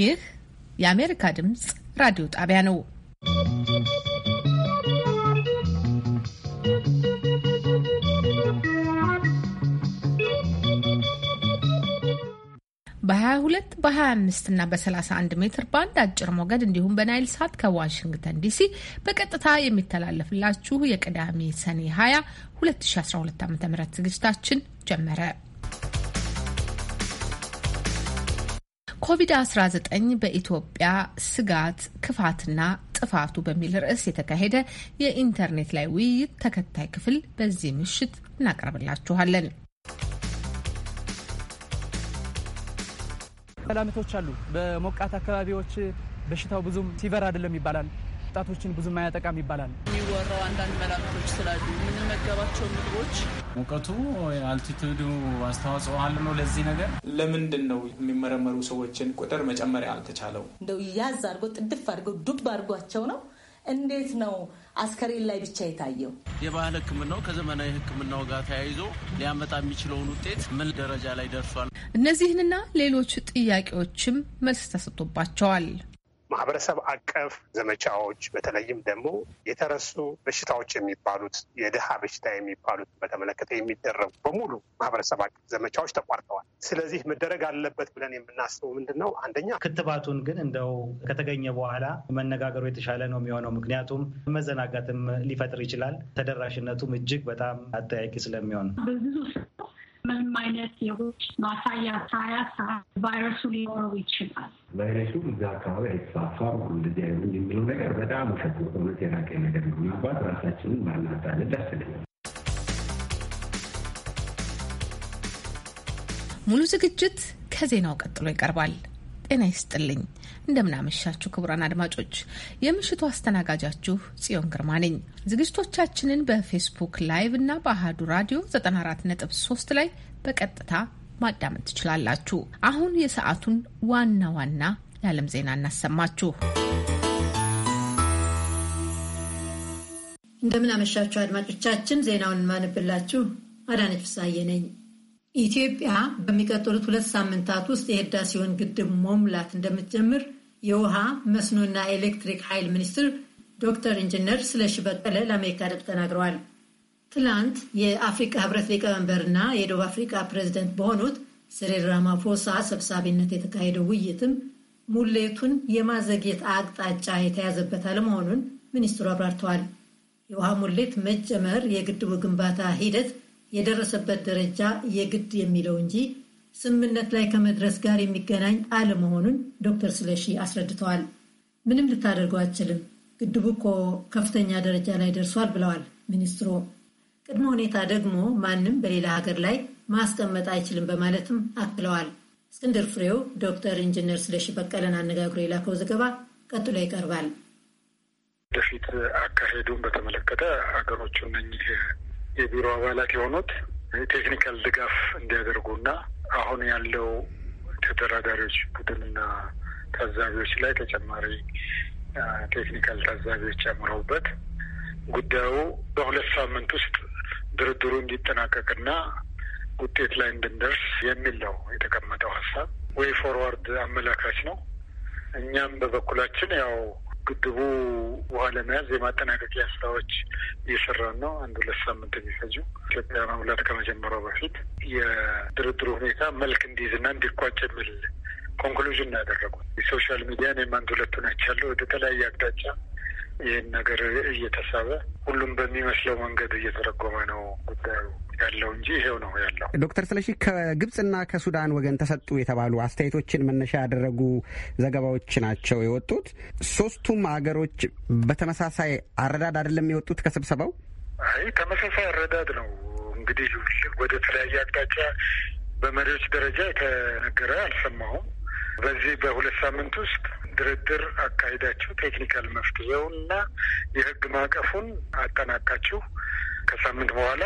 ይህ የአሜሪካ ድምፅ ራዲዮ ጣቢያ ነው። በ22 በ25 እና በ31 ሜትር ባንድ አጭር ሞገድ እንዲሁም በናይል ሳት ከዋሽንግተን ዲሲ በቀጥታ የሚተላለፍላችሁ የቅዳሜ ሰኔ 20 2012 ዓ ም ዝግጅታችን ጀመረ። ኮቪድ-19 በኢትዮጵያ ስጋት ክፋትና ጥፋቱ በሚል ርዕስ የተካሄደ የኢንተርኔት ላይ ውይይት ተከታይ ክፍል በዚህ ምሽት እናቀርብላችኋለን። መላምቶች አሉ። በሞቃት አካባቢዎች በሽታው ብዙም ሲቨር አይደለም ይባላል። ወጣቶችን ብዙም አያጠቃም ይባላል። የሚወራው አንዳንድ መላምቶች ስላሉ የምንመገባቸው ምግቦች ሙቀቱ፣ አልቲቱዱ አስተዋጽኦ አለ ነው። ለዚህ ነገር ለምንድን ነው የሚመረመሩ ሰዎችን ቁጥር መጨመሪያ አልተቻለው? እንደው ያዝ አድርጎ ጥድፍ አድርጎ ዱብ አድርጓቸው ነው እንዴት ነው አስከሬን ላይ ብቻ የታየው? የባህል ሕክምናው ከዘመናዊ ሕክምናው ጋር ተያይዞ ሊያመጣ የሚችለውን ውጤት ምን ደረጃ ላይ ደርሷል? እነዚህንና ሌሎች ጥያቄዎችም መልስ ተሰጥቶባቸዋል። ማህበረሰብ አቀፍ ዘመቻዎች በተለይም ደግሞ የተረሱ በሽታዎች የሚባሉት የድሃ በሽታ የሚባሉት በተመለከተ የሚደረጉ በሙሉ ማህበረሰብ አቀፍ ዘመቻዎች ተቋርጠዋል። ስለዚህ መደረግ አለበት ብለን የምናስበው ምንድን ነው? አንደኛ ክትባቱን ግን እንደው ከተገኘ በኋላ መነጋገሩ የተሻለ ነው የሚሆነው። ምክንያቱም መዘናጋትም ሊፈጥር ይችላል። ተደራሽነቱም እጅግ በጣም አጠያቂ ስለሚሆን ምንም አይነት የውጭ ማሳያ ሳያሳ ቫይረሱ ሊኖረው ይችላል። ቫይረሱ እዛ አካባቢ አይስፋፋም እንደዚህ አይነት የሚለው ነገር በጣም ውሸት የራቀ ነገር ነው። ምናልባት ራሳችንን ማናታለን ደስ ሙሉ ዝግጅት ከዜናው ቀጥሎ ይቀርባል። ጤና ይስጥልኝ። እንደምናመሻችሁ ክቡራን አድማጮች፣ የምሽቱ አስተናጋጃችሁ ጽዮን ግርማ ነኝ። ዝግጅቶቻችንን በፌስቡክ ላይቭ እና በአህዱ ራዲዮ 94.3 ላይ በቀጥታ ማዳመጥ ትችላላችሁ። አሁን የሰዓቱን ዋና ዋና የዓለም ዜና እናሰማችሁ። እንደምናመሻችሁ አድማጮቻችን፣ ዜናውን ማንብላችሁ አዳነች ፍሳዬ ነኝ። ኢትዮጵያ በሚቀጥሉት ሁለት ሳምንታት ውስጥ የህዳሴውን ግድብ መሙላት እንደምትጀምር የውሃ መስኖና ኤሌክትሪክ ኃይል ሚኒስትር ዶክተር ኢንጂነር ስለሺ በቀለ ለአሜሪካ ድምፅ ተናግረዋል። ትላንት የአፍሪካ ህብረት ሊቀመንበርና የደቡብ አፍሪካ ፕሬዚደንት በሆኑት ሲሪል ራማፎሳ ሰብሳቢነት የተካሄደው ውይይትም ሙሌቱን የማዘግየት አቅጣጫ የተያዘበት አለመሆኑን ሚኒስትሩ አብራርተዋል። የውሃ ሙሌት መጀመር የግድቡ ግንባታ ሂደት የደረሰበት ደረጃ የግድ የሚለው እንጂ ስምምነት ላይ ከመድረስ ጋር የሚገናኝ አለመሆኑን ዶክተር ስለሺ አስረድተዋል። ምንም ልታደርገው አችልም፣ ግድቡ እኮ ከፍተኛ ደረጃ ላይ ደርሷል ብለዋል ሚኒስትሩ። ቅድመ ሁኔታ ደግሞ ማንም በሌላ ሀገር ላይ ማስቀመጥ አይችልም በማለትም አክለዋል። እስክንድር ፍሬው ዶክተር ኢንጂነር ስለሺ በቀለን አነጋግሮ የላከው ዘገባ ቀጥሎ ይቀርባል። ወደፊት አካሄዱን በተመለከተ ሀገሮቹ እነኚህ የቢሮ አባላት የሆኑት ቴክኒካል ድጋፍ እንዲያደርጉና አሁን ያለው ተደራዳሪዎች ቡድንና ታዛቢዎች ላይ ተጨማሪ ቴክኒካል ታዛቢዎች ጨምረውበት ጉዳዩ በሁለት ሳምንት ውስጥ ድርድሩ እንዲጠናቀቅና ውጤት ላይ እንድንደርስ የሚል ነው የተቀመጠው ሀሳብ። ወይ ፎርዋርድ አመላካች ነው። እኛም በበኩላችን ያው ግድቡ ውሃ ለመያዝ የማጠናቀቂያ ስራዎች እየሰራን ነው። አንድ ሁለት ሳምንት የሚፈጁ ኢትዮጵያ መሙላት ከመጀመሯ በፊት የድርድሩ ሁኔታ መልክ እንዲይዝና እንዲቋጭ የሚል ኮንክሉዥን ነው ያደረጉት። የሶሻል ሚዲያ እኔም አንድ ሁለቱ ናቻለሁ ወደ ተለያየ አቅጣጫ ይህን ነገር እየተሳበ ሁሉም በሚመስለው መንገድ እየተረጎመ ነው ጉዳዩ ያለው እንጂ ይሄው ነው ያለው። ዶክተር ስለሺ ከግብጽና ከሱዳን ወገን ተሰጡ የተባሉ አስተያየቶችን መነሻ ያደረጉ ዘገባዎች ናቸው የወጡት። ሶስቱም ሀገሮች በተመሳሳይ አረዳድ አይደለም የወጡት ከስብሰባው። አይ ተመሳሳይ አረዳድ ነው እንግዲህ ወደ ተለያየ አቅጣጫ በመሪዎች ደረጃ የተነገረ አልሰማሁም። በዚህ በሁለት ሳምንት ውስጥ ድርድር አካሂዳችሁ ቴክኒካል መፍትሄውንና የህግ ማዕቀፉን አጠናቃችሁ ከሳምንት በኋላ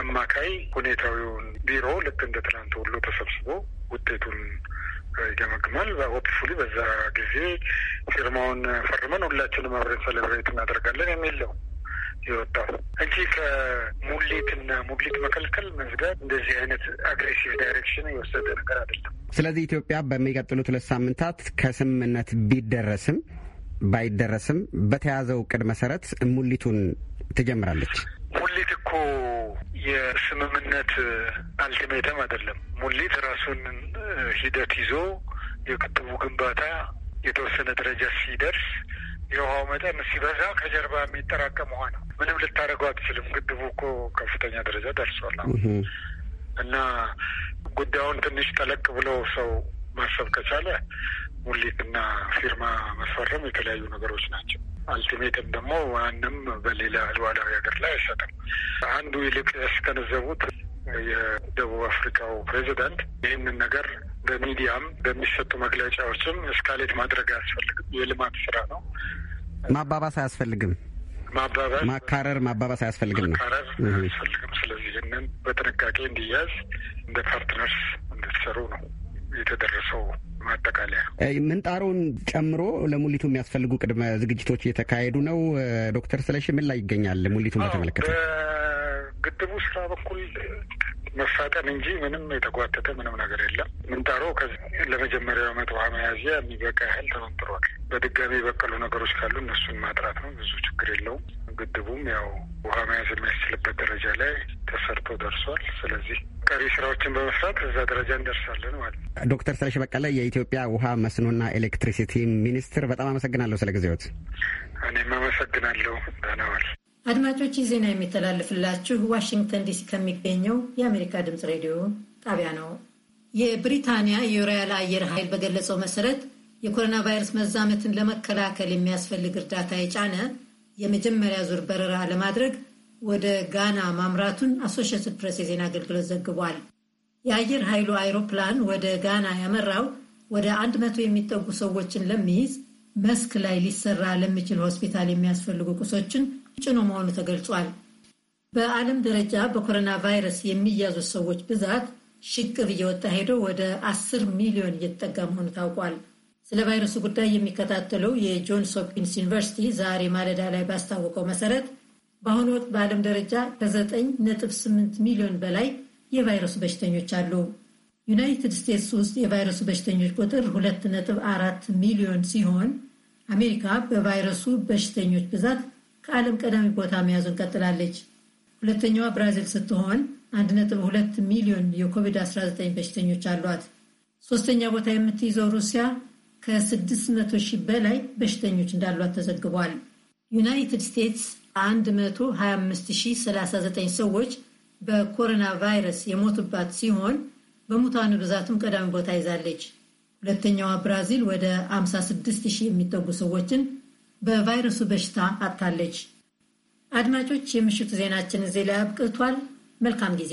አማካይ ሁኔታዊውን ቢሮ ልክ እንደ ትናንት ሁሉ ተሰብስቦ ውጤቱን ይገመግማል። ሆፕፉሊ በዛ ጊዜ ፊርማውን ፈርመን ሁላችንም አብረን ሰለብሬት እናደርጋለን የሚለው ነው የወጣው ከሙሊት ከሙሊትና ሙሊት መከልከል መዝጋት እንደዚህ አይነት አግሬሲቭ ዳይሬክሽን የወሰደ ነገር አይደለም። ስለዚህ ኢትዮጵያ በሚቀጥሉት ሁለት ሳምንታት ከስምምነት ቢደረስም ባይደረስም በተያዘው እቅድ መሰረት ሙሊቱን ትጀምራለች። ሙሊት እኮ የስምምነት አልቲሜተም አይደለም። ሙሊት ራሱን ሂደት ይዞ የግድቡ ግንባታ የተወሰነ ደረጃ ሲደርስ የውሃው መጠን ሲበዛ ከጀርባ የሚጠራቀም ውሃ ነው። ምንም ልታደርገው አትችልም። ግድቡ እኮ ከፍተኛ ደረጃ ደርሷል እና ጉዳዩን ትንሽ ጠለቅ ብሎ ሰው ማሰብ ከቻለ ሙሊትና ፊርማ መፈረም የተለያዩ ነገሮች ናቸው። አልቲሜትም ደግሞ ማንም በሌላ ሉዓላዊ ሀገር ላይ አይሰጥም። አንዱ ይልቅ ያስገነዘቡት የደቡብ አፍሪካው ፕሬዚዳንት ይህንን ነገር በሚዲያም በሚሰጡ መግለጫዎችም እስካሌት ማድረግ አያስፈልግም። የልማት ስራ ነው። ማባባስ አያስፈልግም። ማባባስ፣ ማካረር፣ ማባባስ አያስፈልግም ነው ማካረር አያስፈልግም። ስለዚህ ይህንን በጥንቃቄ እንዲያዝ እንደ ፓርትነርስ እንድትሰሩ ነው የተደረሰው ማጠቃለያ ምንጣሩን ጨምሮ ለሙሊቱ የሚያስፈልጉ ቅድመ ዝግጅቶች እየተካሄዱ ነው። ዶክተር ስለሺ ምን ላይ ይገኛል? ሙሊቱን በተመለከተ በግድቡ ስራ በኩል መፋጠን እንጂ ምንም የተጓተተ ምንም ነገር የለም። ምንጣሮ ለመጀመሪያው ዓመት ውሃ መያዝያ የሚበቃ ያህል ተመንጥሯል። በድጋሚ የበቀሉ ነገሮች ካሉ እነሱን ማጥራት ነው። ብዙ ችግር የለውም። ግድቡም ያው ውሃ መያዝ የሚያስችልበት ደረጃ ላይ ተሰርቶ ደርሷል። ስለዚህ ቀሪ ስራዎችን በመስራት እዛ ደረጃ እንደርሳለን ማለት ነው። ዶክተር ስለሺ በቀለ የኢትዮጵያ ውሃ መስኖና ኤሌክትሪሲቲ ሚኒስትር፣ በጣም አመሰግናለሁ ስለ ጊዜዎት። እኔም አመሰግናለሁ። ዳናዋል አድማጮች፣ ዜና የሚተላለፍላችሁ ዋሽንግተን ዲሲ ከሚገኘው የአሜሪካ ድምጽ ሬዲዮ ጣቢያ ነው። የብሪታንያ የሮያል አየር ኃይል በገለጸው መሰረት የኮሮና ቫይረስ መዛመትን ለመከላከል የሚያስፈልግ እርዳታ የጫነ የመጀመሪያ ዙር በረራ ለማድረግ ወደ ጋና ማምራቱን አሶሽትድ ፕሬስ የዜና አገልግሎት ዘግቧል። የአየር ኃይሉ አይሮፕላን ወደ ጋና ያመራው ወደ አንድ መቶ የሚጠጉ ሰዎችን ለሚይዝ መስክ ላይ ሊሰራ ለሚችል ሆስፒታል የሚያስፈልጉ ቁሶችን ጭኖ መሆኑ ተገልጿል። በዓለም ደረጃ በኮሮና ቫይረስ የሚያዙ ሰዎች ብዛት ሽቅብ እየወጣ ሄዶ ወደ 10 ሚሊዮን እየተጠጋ መሆኑ ታውቋል። ስለ ቫይረሱ ጉዳይ የሚከታተለው የጆንስ ሆፕኪንስ ዩኒቨርሲቲ ዛሬ ማለዳ ላይ ባስታወቀው መሰረት በአሁኑ ወቅት በዓለም ደረጃ ከ9.8 ሚሊዮን በላይ የቫይረሱ በሽተኞች አሉ። ዩናይትድ ስቴትስ ውስጥ የቫይረሱ በሽተኞች ቁጥር 2.4 ሚሊዮን ሲሆን አሜሪካ በቫይረሱ በሽተኞች ብዛት ከዓለም ቀዳሚ ቦታ መያዙን ቀጥላለች። ሁለተኛዋ ብራዚል ስትሆን 1.2 ሚሊዮን የኮቪድ-19 በሽተኞች አሏት። ሶስተኛ ቦታ የምትይዘው ሩሲያ ከ600 ሺህ በላይ በሽተኞች እንዳሏት ተዘግቧል። ዩናይትድ ስቴትስ 125039 ሰዎች በኮሮና ቫይረስ የሞቱባት ሲሆን በሙታኑ ብዛትም ቀዳሚ ቦታ ይዛለች። ሁለተኛዋ ብራዚል ወደ 56000 ሺህ የሚጠጉ ሰዎችን በቫይረሱ በሽታ አጥታለች። አድማጮች፣ የምሽቱ ዜናችን እዚህ ላይ አብቅቷል። መልካም ጊዜ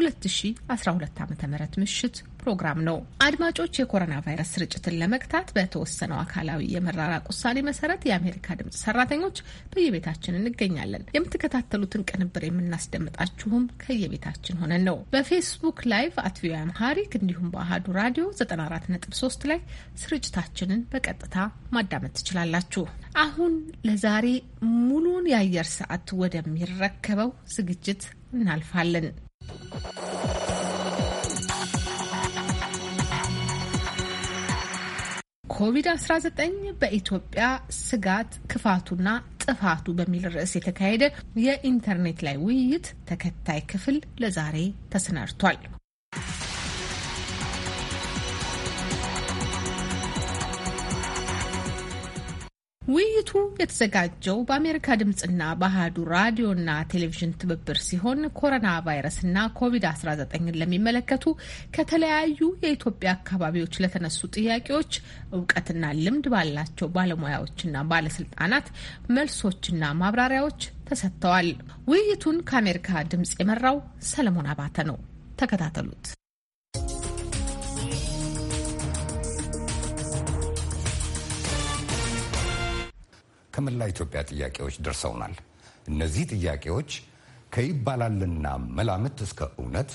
2012 ዓ.ም ምሽት ፕሮግራም ነው። አድማጮች፣ የኮሮና ቫይረስ ስርጭትን ለመግታት በተወሰነው አካላዊ የመራራቅ ውሳኔ መሰረት የአሜሪካ ድምፅ ሰራተኞች በየቤታችን እንገኛለን። የምትከታተሉትን ቅንብር የምናስደምጣችሁም ከየቤታችን ሆነን ነው። በፌስቡክ ላይቭ አት ቪኦኤ አምሃሪክ እንዲሁም በአህዱ ራዲዮ 94.3 ላይ ስርጭታችንን በቀጥታ ማዳመጥ ትችላላችሁ። አሁን ለዛሬ ሙሉን የአየር ሰዓት ወደሚረከበው ዝግጅት እናልፋለን። ኮቪድ-19 በኢትዮጵያ ስጋት ክፋቱና ጥፋቱ በሚል ርዕስ የተካሄደ የኢንተርኔት ላይ ውይይት ተከታይ ክፍል ለዛሬ ተሰናድቷል። ውይይቱ የተዘጋጀው በአሜሪካ ድምፅና በአህዱ ራዲዮና ቴሌቪዥን ትብብር ሲሆን ኮሮና ቫይረስና ኮቪድ-19ን ለሚመለከቱ ከተለያዩ የኢትዮጵያ አካባቢዎች ለተነሱ ጥያቄዎች እውቀትና ልምድ ባላቸው ባለሙያዎችና ባለስልጣናት መልሶችና ማብራሪያዎች ተሰጥተዋል። ውይይቱን ከአሜሪካ ድምፅ የመራው ሰለሞን አባተ ነው። ተከታተሉት። ከመላ ኢትዮጵያ ጥያቄዎች ደርሰውናል። እነዚህ ጥያቄዎች ከይባላልና መላምት እስከ እውነት፣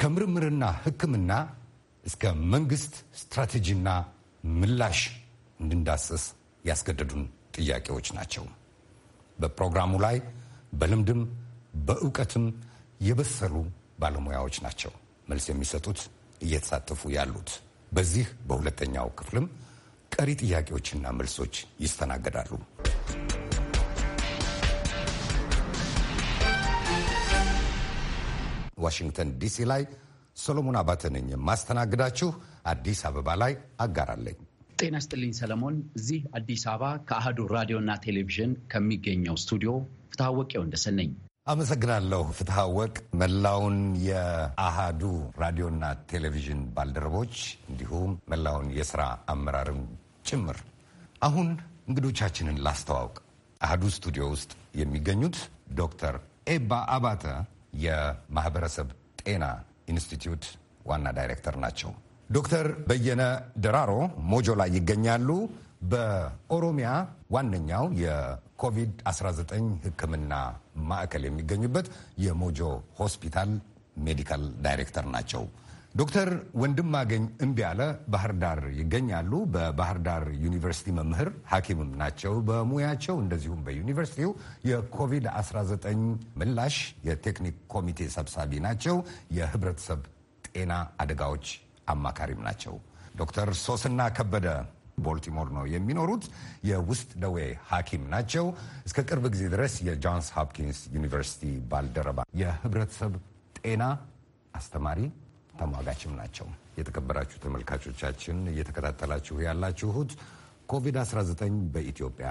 ከምርምርና ሕክምና እስከ መንግስት ስትራቴጂና ምላሽ እንድንዳስስ ያስገደዱን ጥያቄዎች ናቸው። በፕሮግራሙ ላይ በልምድም በእውቀትም የበሰሉ ባለሙያዎች ናቸው መልስ የሚሰጡት እየተሳተፉ ያሉት። በዚህ በሁለተኛው ክፍልም ቀሪ ጥያቄዎችና መልሶች ይስተናገዳሉ። ዋሽንግተን ዲሲ ላይ ሰሎሞን አባተ ነኝ የማስተናግዳችሁ። አዲስ አበባ ላይ አጋራለኝ። ጤና ስጥልኝ ሰለሞን። እዚህ አዲስ አበባ ከአህዱ ራዲዮና ቴሌቪዥን ከሚገኘው ስቱዲዮ ፍትሐወቂያው እንደሰነኝ አመሰግናለሁ ፍትሐ ወቅ መላውን የአሃዱ ራዲዮና ቴሌቪዥን ባልደረቦች እንዲሁም መላውን የስራ አመራርም ጭምር። አሁን እንግዶቻችንን ላስተዋውቅ። አሃዱ ስቱዲዮ ውስጥ የሚገኙት ዶክተር ኤባ አባተ የማህበረሰብ ጤና ኢንስቲትዩት ዋና ዳይሬክተር ናቸው። ዶክተር በየነ ደራሮ ሞጆ ላይ ይገኛሉ። በኦሮሚያ ዋነኛው የኮቪድ-19 ሕክምና ማዕከል የሚገኙበት የሞጆ ሆስፒታል ሜዲካል ዳይሬክተር ናቸው። ዶክተር ወንድማገኝ እምቢያለ ባህር ዳር ይገኛሉ። በባህር ዳር ዩኒቨርሲቲ መምህር ሐኪምም ናቸው በሙያቸው። እንደዚሁም በዩኒቨርሲቲው የኮቪድ-19 ምላሽ የቴክኒክ ኮሚቴ ሰብሳቢ ናቸው። የህብረተሰብ ጤና አደጋዎች አማካሪም ናቸው። ዶክተር ሶስና ከበደ ቦልቲሞር ነው የሚኖሩት። የውስጥ ደዌ ሐኪም ናቸው። እስከ ቅርብ ጊዜ ድረስ የጆንስ ሆፕኪንስ ዩኒቨርሲቲ ባልደረባ፣ የህብረተሰብ ጤና አስተማሪ፣ ተሟጋችም ናቸው። የተከበራችሁ ተመልካቾቻችን እየተከታተላችሁ ያላችሁት ኮቪድ-19 በኢትዮጵያ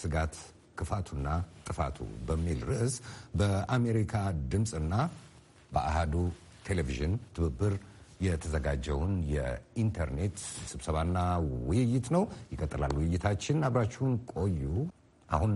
ስጋት ክፋቱና ጥፋቱ በሚል ርዕስ በአሜሪካ ድምፅና በአሃዱ ቴሌቪዥን ትብብር የተዘጋጀውን የኢንተርኔት ስብሰባና ውይይት ነው። ይቀጥላል ውይይታችን። አብራችሁን ቆዩ። አሁን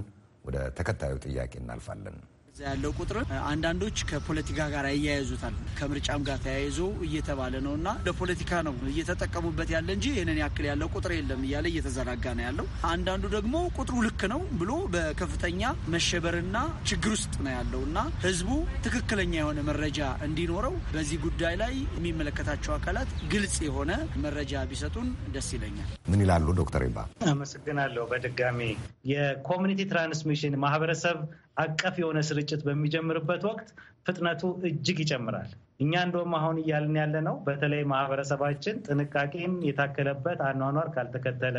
ወደ ተከታዩ ጥያቄ እናልፋለን። ያለው ቁጥር አንዳንዶች ከፖለቲካ ጋር እያያዙታል። ከምርጫም ጋር ተያይዞ እየተባለ ነው እና ለፖለቲካ ነው እየተጠቀሙበት ያለ እንጂ ይህንን ያክል ያለው ቁጥር የለም እያለ እየተዘናጋ ነው ያለው። አንዳንዱ ደግሞ ቁጥሩ ልክ ነው ብሎ በከፍተኛ መሸበርና ችግር ውስጥ ነው ያለው እና ህዝቡ ትክክለኛ የሆነ መረጃ እንዲኖረው በዚህ ጉዳይ ላይ የሚመለከታቸው አካላት ግልጽ የሆነ መረጃ ቢሰጡን ደስ ይለኛል። ምን ይላሉ ዶክተር ይባ? አመሰግናለሁ። በድጋሚ የኮሚኒቲ ትራንስሚሽን ማህበረሰብ አቀፍ የሆነ ስርጭት በሚጀምርበት ወቅት ፍጥነቱ እጅግ ይጨምራል። እኛ እንደውም አሁን እያልን ያለ ነው። በተለይ ማህበረሰባችን ጥንቃቄን የታከለበት አኗኗር ካልተከተለ፣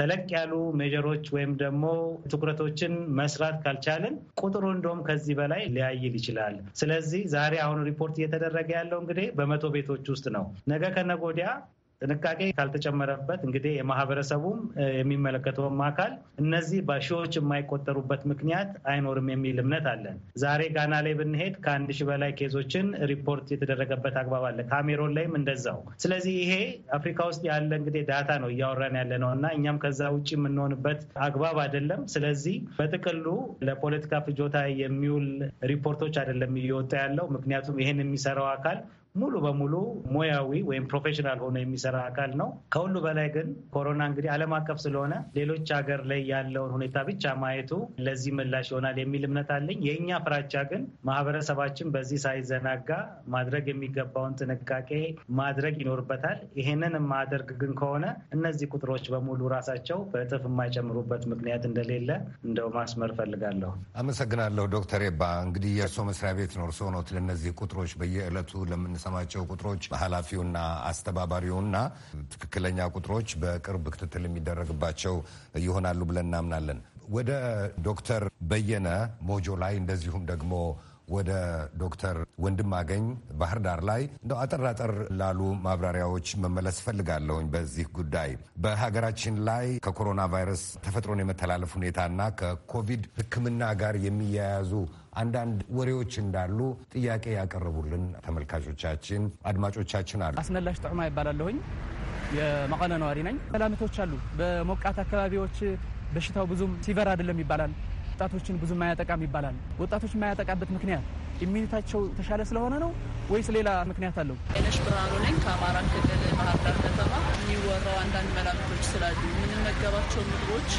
ተለቅ ያሉ ሜጀሮች ወይም ደግሞ ትኩረቶችን መስራት ካልቻልን ቁጥሩ እንደውም ከዚህ በላይ ሊያይል ይችላል። ስለዚህ ዛሬ አሁን ሪፖርት እየተደረገ ያለው እንግዲህ በመቶ ቤቶች ውስጥ ነው። ነገ ከነጎዲያ ጥንቃቄ ካልተጨመረበት እንግዲህ የማህበረሰቡም የሚመለከተውም አካል እነዚህ በሺዎች የማይቆጠሩበት ምክንያት አይኖርም የሚል እምነት አለን። ዛሬ ጋና ላይ ብንሄድ ከአንድ ሺህ በላይ ኬዞችን ሪፖርት የተደረገበት አግባብ አለ። ካሜሮን ላይም እንደዛው። ስለዚህ ይሄ አፍሪካ ውስጥ ያለ እንግዲህ ዳታ ነው እያወራን ያለ ነው እና እኛም ከዛ ውጭ የምንሆንበት አግባብ አይደለም። ስለዚህ በጥቅሉ ለፖለቲካ ፍጆታ የሚውል ሪፖርቶች አይደለም እየወጣ ያለው ምክንያቱም ይሄን የሚሰራው አካል ሙሉ በሙሉ ሙያዊ ወይም ፕሮፌሽናል ሆኖ የሚሰራ አካል ነው። ከሁሉ በላይ ግን ኮሮና እንግዲህ ዓለም አቀፍ ስለሆነ ሌሎች ሀገር ላይ ያለውን ሁኔታ ብቻ ማየቱ ለዚህ ምላሽ ይሆናል የሚል እምነት አለኝ። የእኛ ፍራቻ ግን ማህበረሰባችን በዚህ ሳይዘናጋ ማድረግ የሚገባውን ጥንቃቄ ማድረግ ይኖርበታል። ይህንን የማደርግ ግን ከሆነ እነዚህ ቁጥሮች በሙሉ ራሳቸው በእጥፍ የማይጨምሩበት ምክንያት እንደሌለ እንደው ማስመር ፈልጋለሁ። አመሰግናለሁ ዶክተር ኤባ እንግዲህ የእርሶ መስሪያ ቤት ነው እርሶ ኖት ለእነዚህ ቁጥሮች በየዕለቱ ለምን የምንሰማቸው ቁጥሮች ኃላፊውና አስተባባሪውና ትክክለኛ ቁጥሮች በቅርብ ክትትል የሚደረግባቸው ይሆናሉ ብለን እናምናለን። ወደ ዶክተር በየነ ሞጆ ላይ እንደዚሁም ደግሞ ወደ ዶክተር ወንድም አገኝ ባህር ዳር ላይ እንደው አጠር አጠር ላሉ ማብራሪያዎች መመለስ ፈልጋለሁኝ። በዚህ ጉዳይ በሀገራችን ላይ ከኮሮና ቫይረስ ተፈጥሮን የመተላለፍ ሁኔታና ከኮቪድ ሕክምና ጋር የሚያያዙ አንዳንድ ወሬዎች እንዳሉ ጥያቄ ያቀረቡልን ተመልካቾቻችን፣ አድማጮቻችን አሉ። አስመላሽ ጥዑማ ይባላለሁኝ። የመቀለ ነዋሪ ነኝ። መላምቶች አሉ። በሞቃት አካባቢዎች በሽታው ብዙም ሲቨር አይደለም ይባላል ወጣቶችን ብዙ ማያጠቃም ይባላል። ወጣቶች የማያጠቃበት ምክንያት ኢሚኒታቸው ተሻለ ስለሆነ ነው ወይስ ሌላ ምክንያት አለው? ጤነሽ ብርሃኑ ነኝ ከአማራ ክልል ባህር ዳር ከተማ። የሚወራው አንዳንድ መላምቶች ስላሉ የምንመገባቸው ምግቦች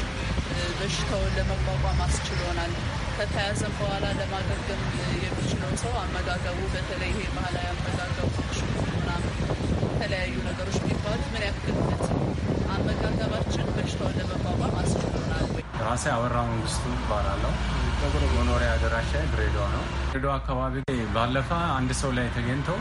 በሽታውን ለመቋቋም አስችሎናል። ከተያዘም በኋላ ለማገገም የሚችለው ሰው አመጋገቡ፣ በተለይ ይሄ ባህላዊ አመጋገቦች ምናምን የተለያዩ ነገሮች የሚባሉት ምን ያክልነት አመጋገባችን በሽታውን ለመቋቋም አስችሎናል። ራሴ አበራ መንግስቱ ይባላለሁ። መኖሪያ አድራሻ ድሬዳዋ ነው። ድሬዳዋ አካባቢ ባለፈ አንድ ሰው ላይ ተገኝተው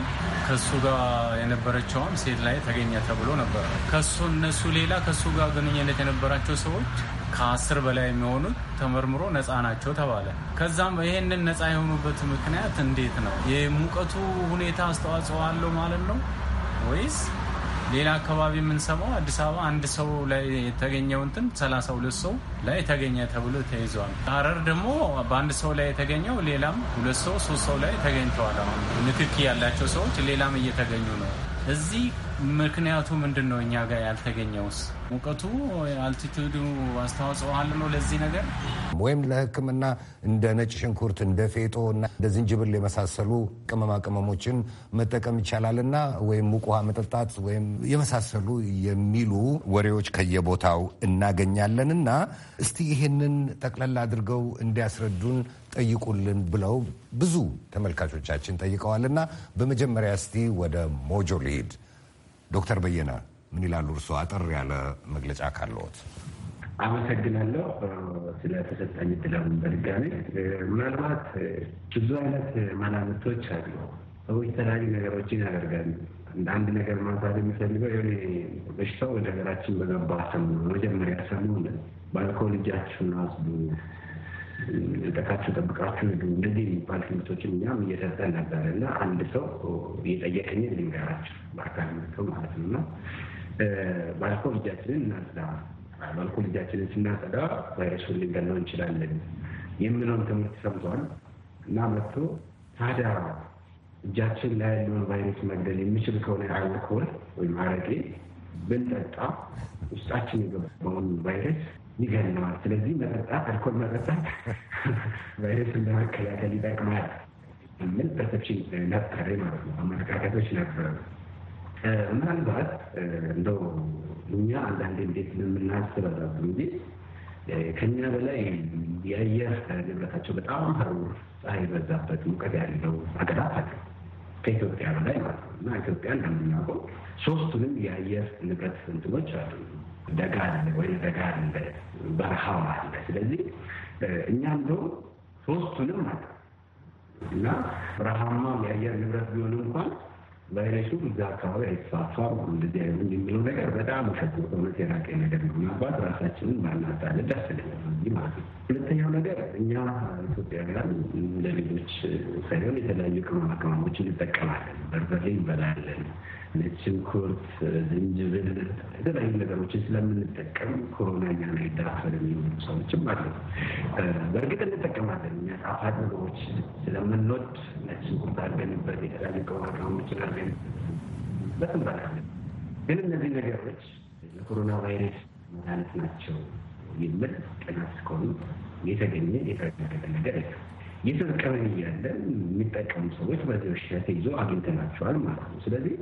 ከሱ ጋር የነበረችውም ሴት ላይ ተገኘ ተብሎ ነበር። ከሱ እነሱ ሌላ ከሱ ጋር ግንኙነት የነበራቸው ሰዎች ከአስር በላይ የሚሆኑት ተመርምሮ ነፃ ናቸው ተባለ። ከዛም ይህንን ነፃ የሆኑበት ምክንያት እንዴት ነው? የሙቀቱ ሁኔታ አስተዋጽኦ አለው ማለት ነው ወይስ ሌላ አካባቢ የምንሰማው አዲስ አበባ አንድ ሰው ላይ የተገኘው እንትን ሰላሳ ሁለት ሰው ላይ ተገኘ ተብሎ ተይዟል። ሀረር ደግሞ በአንድ ሰው ላይ የተገኘው ሌላም ሁለት ሰው ሶስት ሰው ላይ ተገኝተዋል። አሁን ንክኪ ያላቸው ሰዎች ሌላም እየተገኙ ነው። እዚህ ምክንያቱ ምንድን ነው? እኛ ጋር ያልተገኘውስ ሙቀቱ፣ አልቲቱዱ አስተዋጽኦ አለው ለዚህ ነገር ወይም ለሕክምና እንደ ነጭ ሽንኩርት እንደ ፌጦ እና እንደ ዝንጅብል የመሳሰሉ ቅመማ ቅመሞችን መጠቀም ይቻላል እና ወይም ሙቅ ውሃ መጠጣት ወይም የመሳሰሉ የሚሉ ወሬዎች ከየቦታው እናገኛለን እና እስቲ ይህንን ጠቅለል አድርገው እንዲያስረዱን ጠይቁልን ብለው ብዙ ተመልካቾቻችን ጠይቀዋልና በመጀመሪያ እስቲ ወደ ሞጆ ልሂድ። ዶክተር በየነ ምን ይላሉ? እርስዎ አጠር ያለ መግለጫ ካለዎት። አመሰግናለሁ ስለተሰጠኝ ድለውን በድጋሚ ምናልባት ብዙ አይነት መላምቶች አሉ። ሰዎች የተለያዩ ነገሮችን ያደርጋሉ። አንድ ነገር ማንሳት የሚፈልገው የሆነ በሽታው ወደ ሀገራችን በገባ ሰሙ መጀመሪያ ሰሙ በአልኮል እጃችሁን አጽዱ፣ ልጠቃችሁ ጠብቃችሁ ሂዱ እንደዚህ የሚባል ትምህርቶችን እኛም እየሰጠን ነበር እና አንድ ሰው የጠየቀኝን ልንገራችሁ በአካል መጥተው ማለት ነው እና ባልኮ ልጃችንን እናጽዳ፣ ባልኮ ልጃችንን ስናጸዳ ቫይረሱን ልንገለው እንችላለን የምለውን ትምህርት ሰምቷል እና መጥቶ ታዲያ እጃችን ላይ ያለውን ቫይረስ መግደል የሚችል ከሆነ አልኮል ወይም አረቄ ብንጠጣ ውስጣችን የገባውን ቫይረስ ይገድለዋል። ስለዚህ መጠጣት፣ አልኮል መጠጣት ቫይረስን ለመከላከል ይጠቅማል የሚል ፐርሰፕሽን ነበረ ማለት ነው፣ አመለካከቶች ነበሩ። ምናልባት እንደው እኛ አንዳንድ እንዴት የምናስብ እንጂ ከኛ በላይ የአየር ንብረታቸው በጣም ሀሩር ፀሐይ በዛበት ሙቀት ያለው አገራት አለ ከኢትዮጵያ በላይ ማለት ነው እና ኢትዮጵያ እንደምናውቀው ሶስቱንም የአየር ንብረት እንትኖች አሉ ደጋ አለ ወይ ደጋ አለ፣ በረሃው አለ። ስለዚህ እኛ እንደው ሶስቱንም አለ እና በረሃማ የአየር ንብረት ቢሆን እንኳን ቫይረሱ እዛ አካባቢ አይስፋፋም እንደዚህ አይሆንም የሚለው ነገር በጣም ውሸት በእውነት የራቀ ነገር ነው። ምናልባት ራሳችንን ባናታለ ደስ ይለኛል ማለት ነው። ሁለተኛው ነገር እኛ ኢትዮጵያውያን እንደ ሌሎች ሳይሆን የተለያዩ ቅመማ ቅመሞች እንጠቀማለን። በርበሬ እንበላለን ነጭ ሽንኩርት፣ ዝንጅብል የተለያዩ ነገሮችን ስለምንጠቀም ኮሮና እኛን አይዳፈርም የሚሉ ሰዎችም አሉ። በእርግጥ እንጠቀማለን። እኛ ጣፋጭ ምግቦች ስለምንወድ ነጭ ሽንኩርት አድርገንበት የተለያዩ ቅመማ ቅመሞችን አድርገን በትንበላለን። ግን እነዚህ ነገሮች ለኮሮና ቫይረስ መድኃኒት ናቸው የሚል ጥናት እስካሁን የተገኘ የተረጋገጠ ነገር የለም። እየተጠቀምን እያለን የሚጠቀሙ ሰዎች በዚህ በሽታ ተይዞ አግኝተናቸዋል ማለት ነው። ስለዚህ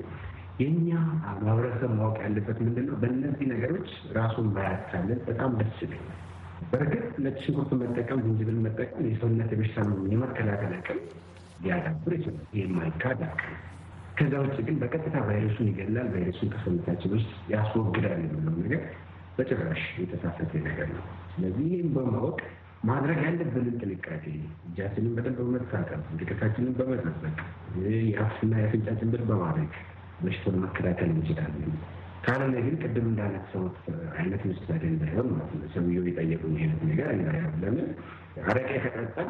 የእኛ ማህበረሰብ ማወቅ ያለበት ምንድን ነው? በእነዚህ ነገሮች ራሱን ባያታለን በጣም ደስ ይለኛል። በእርግጥ ነጭ ሽንኩርት መጠቀም፣ ዝንጅብል መጠቀም የሰውነት የበሽታ የመከላከል አቅም ሊያዳብር ይችላል። ይህ የማይካድ አቅም ከዛ ውጭ ግን በቀጥታ ቫይረሱን ይገላል፣ ቫይረሱን ከሰውነታችን ውስጥ ያስወግዳል የሚለው ነገር በጭራሽ የተሳሳተ ነገር ነው። ስለዚህ ይህም በማወቅ ማድረግ ያለብንን ጥንቃቄ እጃችንን በደንብ በመታጠብ ርቀታችንን በመጠበቅ የአፍና የአፍንጫ ጭንብል በማድረግ በሽታውን መከላከል እንችላለን። ካልሆነ ግን ቅድም እንዳነሳሁት አይነት ምሳሌ እንዳይሆን ማለት ነው። ሰውየው የጠየቁ አይነት ነገር እንዳይሆን። ለምን አረቄ ከጠጣን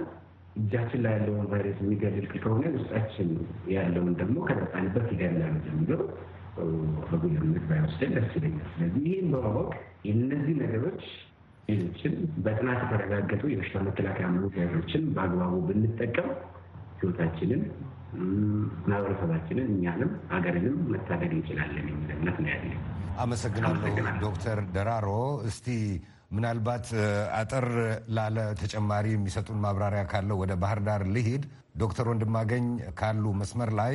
እጃችን ላይ ያለውን ቫይረስ የሚገድል ከሆነ ውስጣችን ያለውን ደግሞ ከጠጣንበት ይገላል የሚለው በጉልነት ባይወስደን ደስ ይለኛል። ስለዚህ ይህም በማወቅ እነዚህ ነገሮች ችን በጥናት የተረጋገጡ የበሽታ መከላከያ መንገዶችን በአግባቡ ብንጠቀም ህይወታችንን ማህበረሰባችንን፣ እኛንም ሀገርንም መታደግ እንችላለን የሚል እምነት ነው ያለ። አመሰግናለሁ ዶክተር ደራሮ። እስቲ ምናልባት አጠር ላለ ተጨማሪ የሚሰጡን ማብራሪያ ካለው ወደ ባህር ዳር ልሂድ። ዶክተር ወንድማገኝ ካሉ መስመር ላይ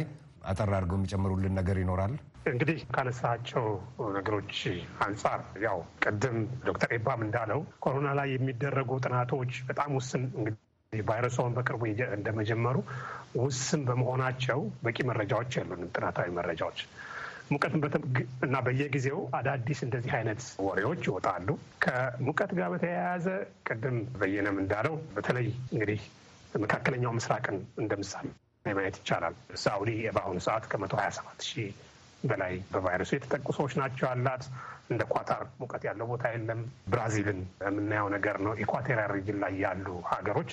አጠር አድርገው የሚጨምሩልን ነገር ይኖራል? እንግዲህ ካነሳቸው ነገሮች አንጻር ያው ቅድም ዶክተር ኤባም እንዳለው ኮሮና ላይ የሚደረጉ ጥናቶች በጣም ውስን እንግዲህ ቫይረሱ በቅርቡ እንደመጀመሩ ውስን በመሆናቸው በቂ መረጃዎች ያሉንም ጥናታዊ መረጃዎች ሙቀትን እና በየጊዜው አዳዲስ እንደዚህ አይነት ወሬዎች ይወጣሉ። ከሙቀት ጋር በተያያዘ ቅድም በየነም እንዳለው በተለይ እንግዲህ መካከለኛው ምስራቅን እንደምሳሌ ማየት ይቻላል። ሳኡዲ በአሁኑ ሰዓት ከመቶ ሀያ ሰባት ሺህ በላይ በቫይረሱ የተጠቁ ሰዎች ናቸው ያላት። እንደ ኳታር ሙቀት ያለው ቦታ የለም። ብራዚልን የምናየው ነገር ነው። ኢኳቴሪያል ሪጅን ላይ ያሉ ሀገሮች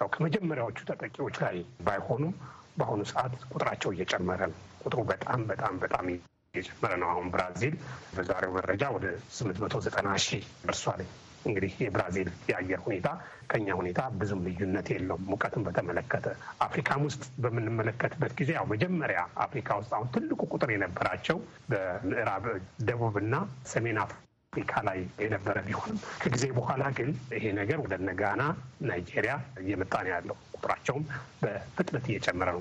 ያው ከመጀመሪያዎቹ ተጠቂዎች ላይ ባይሆኑም በአሁኑ ሰዓት ቁጥራቸው እየጨመረ ነው። ቁጥሩ በጣም በጣም በጣም እየጨመረ ነው። አሁን ብራዚል በዛሬው መረጃ ወደ ስምንት መቶ ዘጠና ሺህ ደርሷል። እንግዲህ የብራዚል የአየር ሁኔታ ከኛ ሁኔታ ብዙም ልዩነት የለውም። ሙቀትን በተመለከተ አፍሪካም ውስጥ በምንመለከትበት ጊዜ ያው መጀመሪያ አፍሪካ ውስጥ አሁን ትልቁ ቁጥር የነበራቸው በምዕራብ ደቡብና ሰሜን አፍሪካ አፍሪካ ላይ የነበረ ቢሆንም ከጊዜ በኋላ ግን ይሄ ነገር ወደ እነ ጋና፣ ናይጄሪያ እየመጣ ነው ያለው። ቁጥራቸውም በፍጥነት እየጨመረ ነው።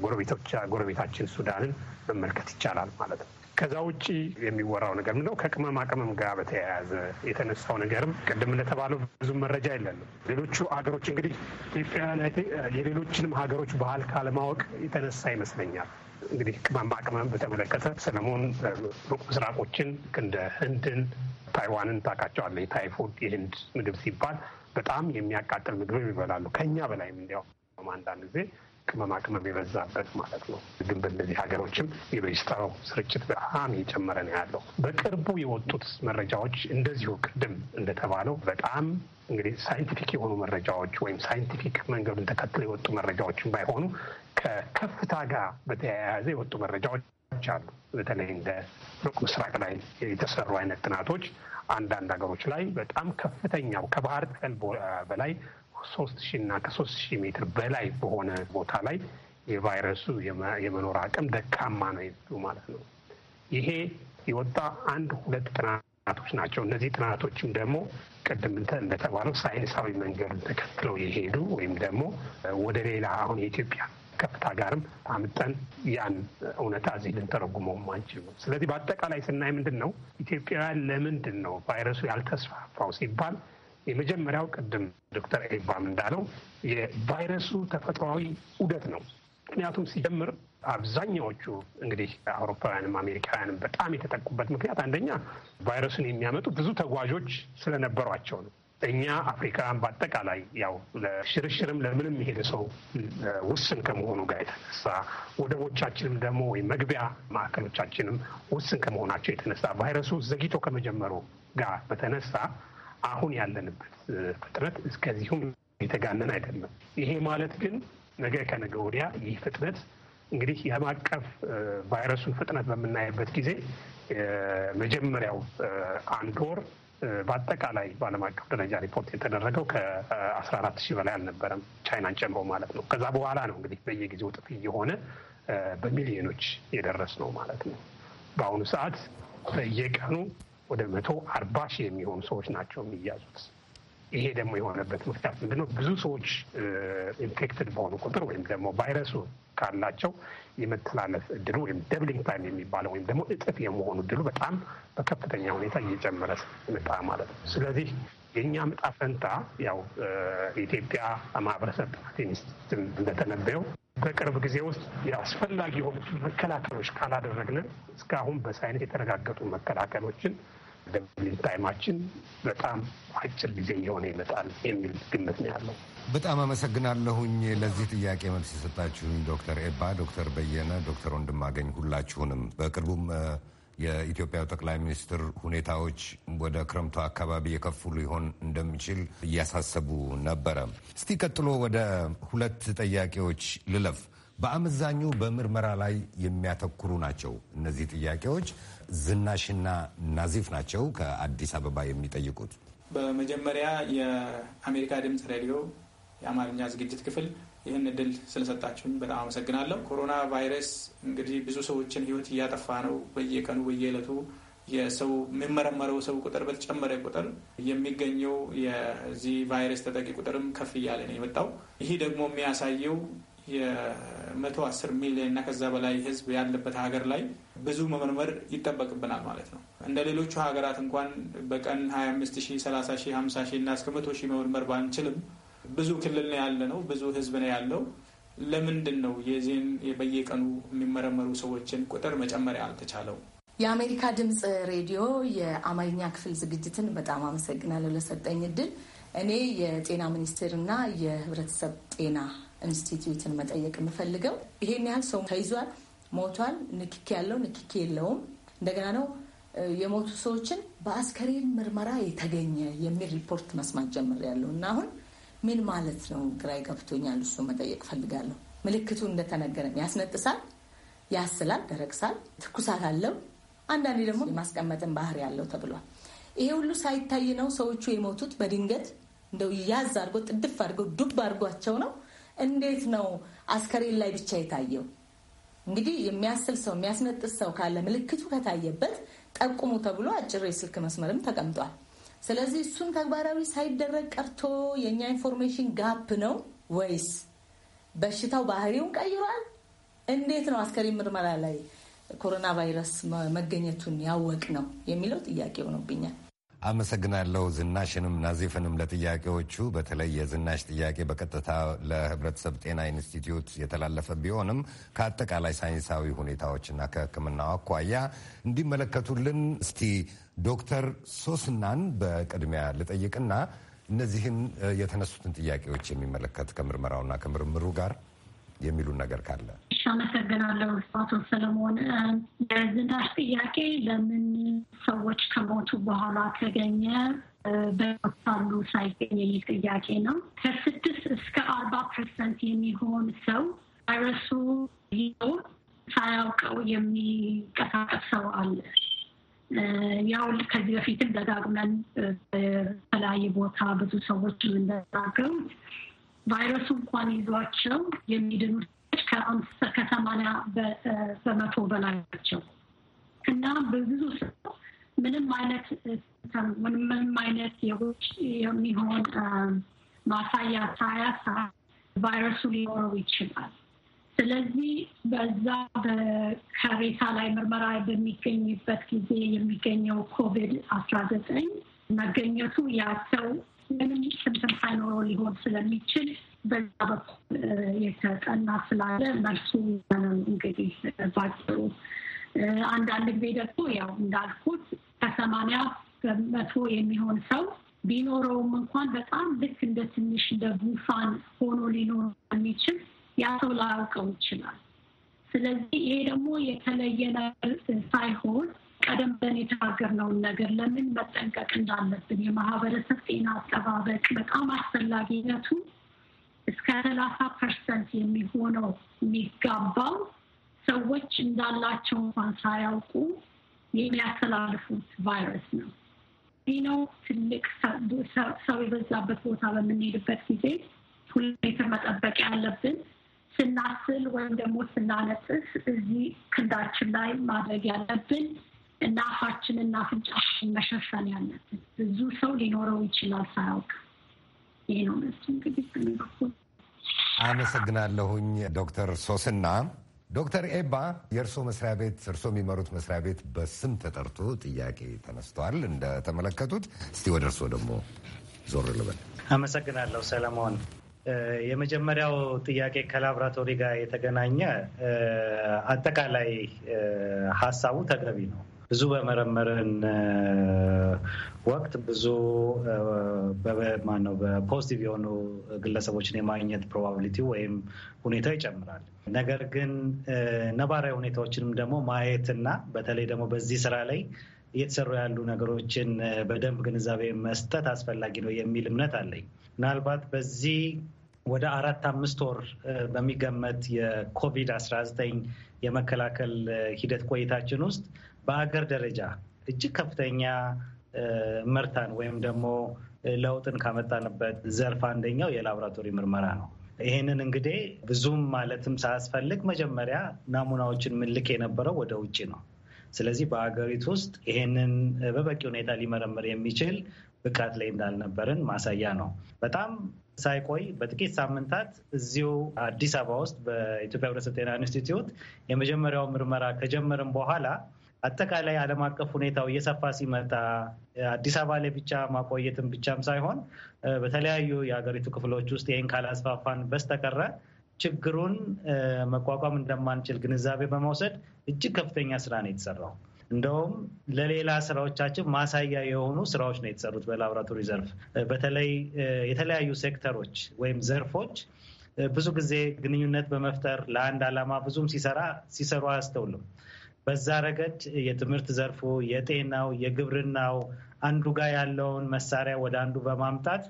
ጎረቤታችን ሱዳንን መመልከት ይቻላል ማለት ነው። ከዛ ውጭ የሚወራው ነገር ምንድነው? ከቅመማ ቅመም ጋር በተያያዘ የተነሳው ነገርም ቅድም እንደተባለው ብዙም መረጃ የለንም። ሌሎቹ ሀገሮች እንግዲህ ኢትዮጵያ የሌሎችንም ሀገሮች ባህል ካለማወቅ የተነሳ ይመስለኛል እንግዲህ ቅመማ ቅመም በተመለከተ ሰለሞን ሩቅ ምስራቆችን እንደ ህንድን፣ ታይዋንን ታውቃቸዋለህ። የታይፉድ የህንድ ምግብ ሲባል በጣም የሚያቃጥል ምግብ ይበላሉ። ከኛ በላይም እንዲያው አንዳንድ ጊዜ ቅመማ ቅመም የበዛበት ማለት ነው። ግን በእነዚህ ሀገሮችም የበሽታው ስርጭት በጣም እየጨመረ ነው ያለው። በቅርቡ የወጡት መረጃዎች እንደዚሁ ቅድም እንደተባለው በጣም እንግዲህ ሳይንቲፊክ የሆኑ መረጃዎች ወይም ሳይንቲፊክ መንገዱን ተከትለው የወጡ መረጃዎችን ባይሆኑ ከከፍታ ጋር በተያያዘ የወጡ መረጃዎች አሉ። በተለይ እንደ ሩቅ ምስራቅ ላይ የተሰሩ አይነት ጥናቶች አንዳንድ ሀገሮች ላይ በጣም ከፍተኛው ከባህር ጠል በላይ ሶስት እና ከሶስት ሺ ሜትር በላይ በሆነ ቦታ ላይ የቫይረሱ የመኖር አቅም ደካማ ነው ማለት ነው። ይሄ የወጣ አንድ ሁለት ጥናቶች ናቸው። እነዚህ ጥናቶችም ደግሞ ቅድም እንደተባለው ሳይንሳዊ መንገድ ተከትለው የሄዱ ወይም ደግሞ ወደ ሌላ አሁን የኢትዮጵያ ከፍታ ጋርም አምጠን ያን እውነታ እዚህ ልንተረጉመው ነው። ስለዚህ በአጠቃላይ ስናይ ምንድን ነው ኢትዮጵያውያን ለምንድን ነው ቫይረሱ ያልተስፋፋው ሲባል የመጀመሪያው ቅድም ዶክተር ኤባም እንዳለው የቫይረሱ ተፈጥሯዊ ዑደት ነው። ምክንያቱም ሲጀምር አብዛኛዎቹ እንግዲህ አውሮፓውያንም አሜሪካውያንም በጣም የተጠቁበት ምክንያት አንደኛ ቫይረሱን የሚያመጡ ብዙ ተጓዦች ስለነበሯቸው ነው። እኛ አፍሪካውያን በአጠቃላይ ያው ለሽርሽርም ለምንም የሄደ ሰው ውስን ከመሆኑ ጋር የተነሳ ወደቦቻችንም ደግሞ ወይ መግቢያ ማዕከሎቻችንም ውስን ከመሆናቸው የተነሳ ቫይረሱ ዘግይቶ ከመጀመሩ ጋር በተነሳ አሁን ያለንበት ፍጥረት እስከዚሁም የተጋነን አይደለም። ይሄ ማለት ግን ነገ ከነገ ወዲያ ይህ ፍጥነት እንግዲህ የዓለም አቀፍ ቫይረሱን ፍጥነት በምናይበት ጊዜ መጀመሪያው አንድ ወር በአጠቃላይ በዓለም አቀፍ ደረጃ ሪፖርት የተደረገው ከአስራ አራት ሺህ በላይ አልነበረም ቻይናን ጨምሮ ማለት ነው። ከዛ በኋላ ነው እንግዲህ በየጊዜው እጥፍ እየሆነ በሚሊዮኖች የደረስ ነው ማለት ነው። በአሁኑ ሰዓት በየቀኑ ወደ መቶ አርባ ሺህ የሚሆኑ ሰዎች ናቸው የሚያዙት። ይሄ ደግሞ የሆነበት ምክንያት ምንድነው? ብዙ ሰዎች ኢንፌክትድ በሆኑ ቁጥር ወይም ደግሞ ቫይረሱ ካላቸው የመተላለፍ እድሉ ወይም ደብሊንግ ታይም የሚባለው ወይም ደግሞ እጥፍ የመሆኑ እድሉ በጣም በከፍተኛ ሁኔታ እየጨመረ መጣ ማለት ነው። ስለዚህ የእኛ ምጣ ፈንታ ያው የኢትዮጵያ ማህበረሰብ ቴኒስት እንደተነበየው በቅርብ ጊዜ ውስጥ የአስፈላጊ የሆኑ መከላከሎች ካላደረግን እስካሁን በሳይንስ የተረጋገጡ መከላከሎችን ገቢል ታይማችን በጣም አጭር ጊዜ እየሆነ ይመጣል የሚል ግምት ነው ያለው። በጣም አመሰግናለሁኝ ለዚህ ጥያቄ መልስ የሰጣችሁኝ ዶክተር ኤባ፣ ዶክተር በየነ፣ ዶክተር ወንድማገኝ ሁላችሁንም። በቅርቡም የኢትዮጵያው ጠቅላይ ሚኒስትር ሁኔታዎች ወደ ክረምቱ አካባቢ የከፉ ሊሆን እንደሚችል እያሳሰቡ ነበረ። እስቲ ቀጥሎ ወደ ሁለት ጠያቄዎች ልለፍ። በአመዛኙ በምርመራ ላይ የሚያተኩሩ ናቸው እነዚህ ጥያቄዎች። ዝናሽና ናዚፍ ናቸው ከአዲስ አበባ የሚጠይቁት። በመጀመሪያ የአሜሪካ ድምፅ ሬዲዮ የአማርኛ ዝግጅት ክፍል ይህን እድል ስለሰጣችሁኝ በጣም አመሰግናለሁ። ኮሮና ቫይረስ እንግዲህ ብዙ ሰዎችን ሕይወት እያጠፋ ነው። በየቀኑ በየዕለቱ የሰው የሚመረመረው ሰው ቁጥር በተጨመረ ቁጥር የሚገኘው የዚህ ቫይረስ ተጠቂ ቁጥርም ከፍ እያለ ነው የመጣው። ይህ ደግሞ የሚያሳየው የመቶ አስር ሚሊዮን እና ከዛ በላይ ህዝብ ያለበት ሀገር ላይ ብዙ መመርመር ይጠበቅብናል ማለት ነው። እንደ ሌሎቹ ሀገራት እንኳን በቀን 25 ና 30 ሺህ፣ 50 እና እስከ መቶ መመርመር ባንችልም ብዙ ክልል ነው ያለ ነው፣ ብዙ ህዝብ ነው ያለው። ለምንድን ነው የዚህን በየቀኑ የሚመረመሩ ሰዎችን ቁጥር መጨመሪያ አልተቻለው? የአሜሪካ ድምፅ ሬዲዮ የአማርኛ ክፍል ዝግጅትን በጣም አመሰግናለሁ ለሰጠኝ እድል። እኔ የጤና ሚኒስቴር እና የህብረተሰብ ጤና ኢንስቲትዩትን መጠየቅ የምፈልገው ይሄን ያህል ሰው ተይዟል፣ ሞቷል፣ ንክኪ ያለው ንክኪ የለውም እንደገና ነው የሞቱ ሰዎችን በአስከሬን ምርመራ የተገኘ የሚል ሪፖርት መስማት ያለው እና አሁን ምን ማለት ነው ግራይ ገብቶኛል። እሱ መጠየቅ ፈልጋለሁ። ምልክቱ እንደተነገረን ያስነጥሳል፣ ያስላል፣ ደረቅሳል፣ ትኩሳት አለው፣ አንዳንዴ ደግሞ የማስቀመጥን ባህሪ ያለው ተብሏል። ይሄ ሁሉ ሳይታይ ነው ሰዎቹ የሞቱት በድንገት እንደው ያዝ አድርጎ ጥድፍ አድርገው ዱብ አድርጓቸው ነው እንዴት ነው አስከሬን ላይ ብቻ የታየው? እንግዲህ የሚያስል ሰው የሚያስነጥስ ሰው ካለ ምልክቱ ከታየበት ጠቁሙ ተብሎ አጭር የስልክ መስመርም ተቀምጧል። ስለዚህ እሱም ተግባራዊ ሳይደረግ ቀርቶ የእኛ ኢንፎርሜሽን ጋፕ ነው ወይስ በሽታው ባህሪውን ቀይሯል? እንዴት ነው አስከሬን ምርመራ ላይ ኮሮና ቫይረስ መገኘቱን ያወቅ ነው የሚለው ጥያቄ ሆኖብኛል። አመሰግናለሁ ዝናሽንም ናዚፍንም ለጥያቄዎቹ። በተለይ የዝናሽ ጥያቄ በቀጥታ ለሕብረተሰብ ጤና ኢንስቲትዩት የተላለፈ ቢሆንም ከአጠቃላይ ሳይንሳዊ ሁኔታዎችና ከሕክምናው አኳያ እንዲመለከቱልን እስቲ ዶክተር ሶስናን በቅድሚያ ልጠይቅና እነዚህን የተነሱትን ጥያቄዎች የሚመለከት ከምርመራውና ከምርምሩ ጋር የሚሉን ነገር ካለ። አመሰግናለሁ አቶ ሰለሞን። የዝናሽ ጥያቄ ለምን ሰዎች ከሞቱ በኋላ ተገኘ በሳሉ ሳይገኝ የሚል ጥያቄ ነው። ከስድስት እስከ አርባ ፐርሰንት የሚሆን ሰው ቫይረሱ ይዞ ሳያውቀው የሚንቀሳቀስ ሰው አለ። ያው ከዚህ በፊትም ደጋግመን በተለያየ ቦታ ብዙ ሰዎች እንደተናገሩት ቫይረሱ እንኳን ይዟቸው የሚድኑች ሰዎች ከአምሳ ከሰማንያ በመቶ በላይ ናቸው እና በብዙ ሰው ምንም አይነት ምንም አይነት የውጭ የሚሆን ማሳያ ሳያሳ ቫይረሱ ሊኖረው ይችላል። ስለዚህ በዛ ከሬሳ ላይ ምርመራ በሚገኝበት ጊዜ የሚገኘው ኮቪድ አስራ ዘጠኝ መገኘቱ ያ ሰው ምንም ስብሰባ ኖሮ ሊሆን ስለሚችል በዛ በኩል የተጠና ስላለ መልሱ ነው እንግዲህ ባጭሩ። አንዳንድ ጊዜ ደግሞ ያው እንዳልኩት ከሰማንያ መቶ የሚሆን ሰው ቢኖረውም እንኳን በጣም ልክ እንደ ትንሽ እንደ ጉንፋን ሆኖ ሊኖር የሚችል ያ ሰው ላያውቀው ይችላል። ስለዚህ ይሄ ደግሞ የተለየ ነገር ሳይሆን ቀደም ብለን የተናገርነውን ነገር ለምን መጠንቀቅ እንዳለብን የማህበረሰብ ጤና አጠባበቅ በጣም አስፈላጊነቱ እስከ ሰላሳ ፐርሰንት የሚሆነው የሚጋባው ሰዎች እንዳላቸው እንኳን ሳያውቁ የሚያስተላልፉት ቫይረስ ነው። ይህ ነው ትልቅ ሰው የበዛበት ቦታ በምንሄድበት ጊዜ ሁለት ሜትር መጠበቅ ያለብን። ስናስል ወይም ደግሞ ስናነጥስ እዚህ ክንዳችን ላይ ማድረግ ያለብን እና አፋችንና አፍንጫችን መሸፈን ያለብን ብዙ ሰው ሊኖረው ይችላል ሳያውቅ። ይሄ ነው መስ እንግዲህ አመሰግናለሁኝ ዶክተር ሶስና። ዶክተር ኤባ የእርስዎ መስሪያ ቤት እርስዎ የሚመሩት መስሪያ ቤት በስም ተጠርቶ ጥያቄ ተነስቷል እንደተመለከቱት። እስቲ ወደ እርስዎ ደግሞ ዞር ልበል። አመሰግናለሁ ሰለሞን። የመጀመሪያው ጥያቄ ከላብራቶሪ ጋር የተገናኘ አጠቃላይ ሀሳቡ ተገቢ ነው። ብዙ በመረመርን ወቅት ብዙ ማነው በፖዚቲቭ የሆኑ ግለሰቦችን የማግኘት ፕሮባቢሊቲ ወይም ሁኔታ ይጨምራል። ነገር ግን ነባራዊ ሁኔታዎችንም ደግሞ ማየትና በተለይ ደግሞ በዚህ ስራ ላይ እየተሰሩ ያሉ ነገሮችን በደንብ ግንዛቤ መስጠት አስፈላጊ ነው የሚል እምነት አለኝ። ምናልባት በዚህ ወደ አራት አምስት ወር በሚገመት የኮቪድ አስራ ዘጠኝ የመከላከል ሂደት ቆይታችን ውስጥ በአገር ደረጃ እጅግ ከፍተኛ ምርታን ወይም ደግሞ ለውጥን ካመጣንበት ዘርፍ አንደኛው የላቦራቶሪ ምርመራ ነው። ይህንን እንግዲህ ብዙም ማለትም ሳያስፈልግ መጀመሪያ ናሙናዎችን ምልክ የነበረው ወደ ውጭ ነው። ስለዚህ በሀገሪቱ ውስጥ ይህንን በበቂ ሁኔታ ሊመረምር የሚችል ብቃት ላይ እንዳልነበርን ማሳያ ነው። በጣም ሳይቆይ በጥቂት ሳምንታት እዚሁ አዲስ አበባ ውስጥ በኢትዮጵያ ሕብረተሰብ ጤና ኢንስቲትዩት የመጀመሪያው ምርመራ ከጀመርን በኋላ አጠቃላይ ዓለም አቀፍ ሁኔታው እየሰፋ ሲመጣ አዲስ አበባ ላይ ብቻ ማቆየትን ብቻም ሳይሆን በተለያዩ የሀገሪቱ ክፍሎች ውስጥ ይህን ካላስፋፋን በስተቀረ ችግሩን መቋቋም እንደማንችል ግንዛቤ በመውሰድ እጅግ ከፍተኛ ስራ ነው የተሰራው። እንደውም ለሌላ ስራዎቻችን ማሳያ የሆኑ ስራዎች ነው የተሰሩት በላቦራቶሪ ዘርፍ በተለይ የተለያዩ ሴክተሮች ወይም ዘርፎች ብዙ ጊዜ ግንኙነት በመፍጠር ለአንድ ዓላማ ብዙም ሲሰራ ሲሰሩ አያስተውልም። በዛ ረገድ የትምህርት ዘርፉ፣ የጤናው፣ የግብርናው አንዱ ጋር ያለውን መሳሪያ ወደ አንዱ በማምጣት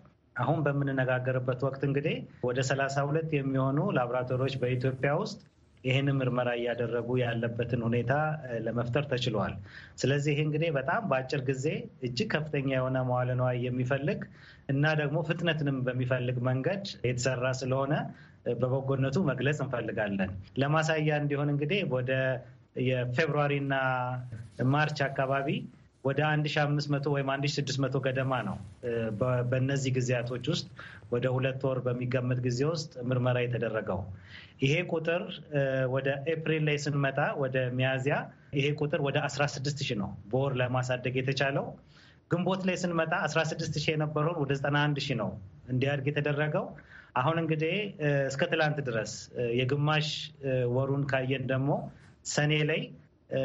አሁን በምንነጋገርበት ወቅት እንግዲህ ወደ ሰላሳ ሁለት የሚሆኑ ላቦራቶሪዎች በኢትዮጵያ ውስጥ ይህንን ምርመራ እያደረጉ ያለበትን ሁኔታ ለመፍጠር ተችሏል። ስለዚህ ይህ እንግዲህ በጣም በአጭር ጊዜ እጅግ ከፍተኛ የሆነ መዋለ ንዋይ የሚፈልግ እና ደግሞ ፍጥነትንም በሚፈልግ መንገድ የተሰራ ስለሆነ በበጎነቱ መግለጽ እንፈልጋለን። ለማሳያ እንዲሆን እንግዲህ ወደ የፌብሩዋሪ እና ማርች አካባቢ ወደ 1500 ወይም 1600 ገደማ ነው። በእነዚህ ጊዜያቶች ውስጥ ወደ ሁለት ወር በሚገመት ጊዜ ውስጥ ምርመራ የተደረገው ይሄ ቁጥር ወደ ኤፕሪል ላይ ስንመጣ ወደ ሚያዚያ ይሄ ቁጥር ወደ 16 ነው በወር ለማሳደግ የተቻለው። ግንቦት ላይ ስንመጣ 16 የነበረውን ወደ 91 ነው እንዲያድግ የተደረገው። አሁን እንግዲህ እስከ ትላንት ድረስ የግማሽ ወሩን ካየን ደግሞ ሰኔ ላይ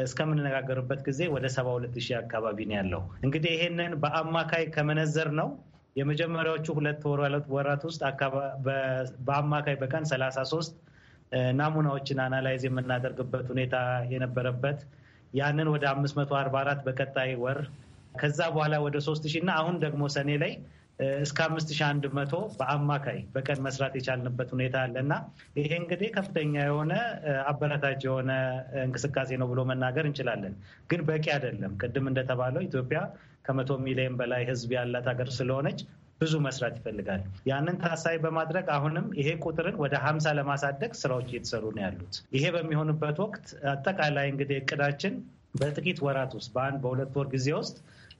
እስከምንነጋገርበት ጊዜ ወደ ሰባ ሁለት ሺህ አካባቢ ነው ያለው። እንግዲህ ይሄንን በአማካይ ከመነዘር ነው የመጀመሪያዎቹ ሁለት ወራት ውስጥ በአማካይ በቀን ሰላሳ ሶስት ናሙናዎችን አናላይዝ የምናደርግበት ሁኔታ የነበረበት ያንን ወደ አራት በቀጣይ ወር ከዛ በኋላ ወደ ሶስት ሺህ እና አሁን ደግሞ ሰኔ ላይ እስከ አምስት ሺህ አንድ መቶ በአማካይ በቀን መስራት የቻልንበት ሁኔታ አለ እና ይሄ እንግዲህ ከፍተኛ የሆነ አበረታች የሆነ እንቅስቃሴ ነው ብሎ መናገር እንችላለን። ግን በቂ አይደለም። ቅድም እንደተባለው ኢትዮጵያ ከመቶ ሚሊዮን በላይ ሕዝብ ያላት ሀገር ስለሆነች ብዙ መስራት ይፈልጋል። ያንን ታሳቢ በማድረግ አሁንም ይሄ ቁጥርን ወደ ሀምሳ ለማሳደግ ስራዎች እየተሰሩ ነው ያሉት። ይሄ በሚሆንበት ወቅት አጠቃላይ እንግዲህ እቅዳችን በጥቂት ወራት ውስጥ በአንድ በሁለት ወር ጊዜ ውስጥ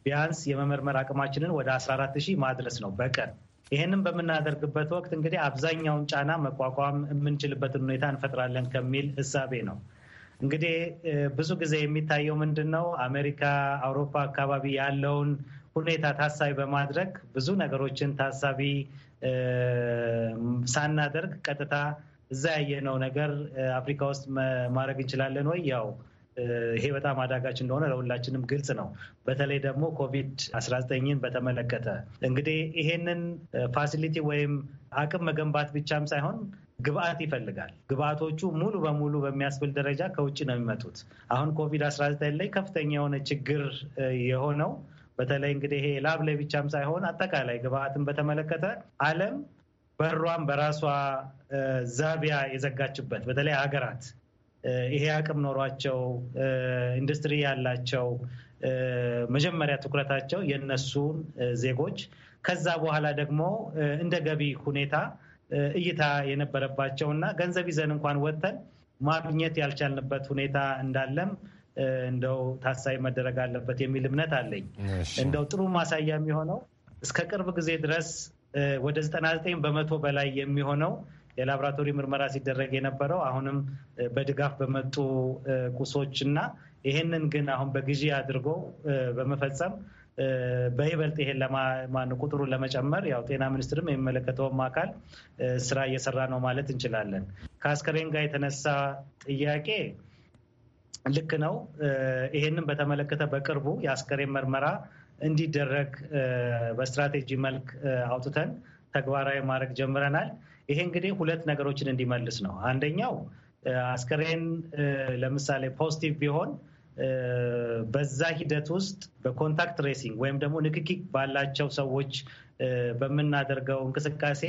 ቢያንስ የመመርመር አቅማችንን ወደ 14 ሺህ ማድረስ ነው በቀን። ይህንም በምናደርግበት ወቅት እንግዲህ አብዛኛውን ጫና መቋቋም የምንችልበትን ሁኔታ እንፈጥራለን ከሚል እሳቤ ነው። እንግዲህ ብዙ ጊዜ የሚታየው ምንድን ነው? አሜሪካ፣ አውሮፓ አካባቢ ያለውን ሁኔታ ታሳቢ በማድረግ ብዙ ነገሮችን ታሳቢ ሳናደርግ ቀጥታ እዛ ያየነው ነገር አፍሪካ ውስጥ ማድረግ እንችላለን ወይ? ያው ይሄ በጣም አዳጋች እንደሆነ ለሁላችንም ግልጽ ነው። በተለይ ደግሞ ኮቪድ 19ን በተመለከተ እንግዲህ ይሄንን ፋሲሊቲ ወይም አቅም መገንባት ብቻም ሳይሆን ግብአት ይፈልጋል። ግብአቶቹ ሙሉ በሙሉ በሚያስብል ደረጃ ከውጭ ነው የሚመጡት። አሁን ኮቪድ 19 ላይ ከፍተኛ የሆነ ችግር የሆነው በተለይ እንግዲህ ይሄ ላብ ላይ ብቻም ሳይሆን አጠቃላይ ግብአትን በተመለከተ ዓለም በሯን በራሷ ዛቢያ የዘጋችበት በተለይ ሀገራት ይሄ አቅም ኖሯቸው ኢንዱስትሪ ያላቸው መጀመሪያ ትኩረታቸው የነሱን ዜጎች ከዛ በኋላ ደግሞ እንደ ገቢ ሁኔታ እይታ የነበረባቸው እና ገንዘብ ይዘን እንኳን ወጥተን ማግኘት ያልቻልንበት ሁኔታ እንዳለም እንደው ታሳቢ መደረግ አለበት የሚል እምነት አለኝ። እንደው ጥሩ ማሳያ የሚሆነው እስከ ቅርብ ጊዜ ድረስ ወደ 99 በመቶ በላይ የሚሆነው የላብራቶሪ ምርመራ ሲደረግ የነበረው አሁንም በድጋፍ በመጡ ቁሶች እና ይህንን ግን አሁን በግዢ አድርጎ በመፈጸም በይበልጥ ይሄን ለማን ቁጥሩን ለመጨመር ያው ጤና ሚኒስትርም የሚመለከተውም አካል ስራ እየሰራ ነው ማለት እንችላለን። ከአስከሬን ጋር የተነሳ ጥያቄ ልክ ነው። ይሄንን በተመለከተ በቅርቡ የአስከሬን ምርመራ እንዲደረግ በስትራቴጂ መልክ አውጥተን ተግባራዊ ማድረግ ጀምረናል። ይሄ እንግዲህ ሁለት ነገሮችን እንዲመልስ ነው። አንደኛው አስከሬን ለምሳሌ ፖዚቲቭ ቢሆን በዛ ሂደት ውስጥ በኮንታክት ሬሲንግ ወይም ደግሞ ንክኪ ባላቸው ሰዎች በምናደርገው እንቅስቃሴ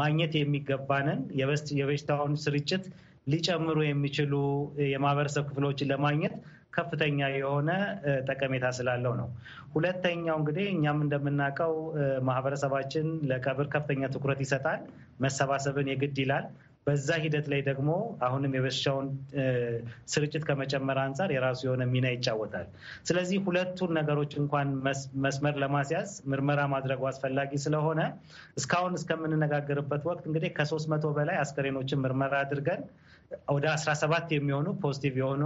ማግኘት የሚገባንን የበሽታውን ስርጭት ሊጨምሩ የሚችሉ የማህበረሰብ ክፍሎችን ለማግኘት ከፍተኛ የሆነ ጠቀሜታ ስላለው ነው። ሁለተኛው እንግዲህ እኛም እንደምናውቀው ማህበረሰባችን ለቀብር ከፍተኛ ትኩረት ይሰጣል። መሰባሰብን የግድ ይላል። በዛ ሂደት ላይ ደግሞ አሁንም የበሽታውን ስርጭት ከመጨመር አንጻር የራሱ የሆነ ሚና ይጫወታል። ስለዚህ ሁለቱን ነገሮች እንኳን መስመር ለማስያዝ ምርመራ ማድረጉ አስፈላጊ ስለሆነ እስካሁን እስከምንነጋገርበት ወቅት እንግዲህ ከሶስት መቶ በላይ አስከሬኖችን ምርመራ አድርገን ወደ 17 የሚሆኑ ፖዚቲቭ የሆኑ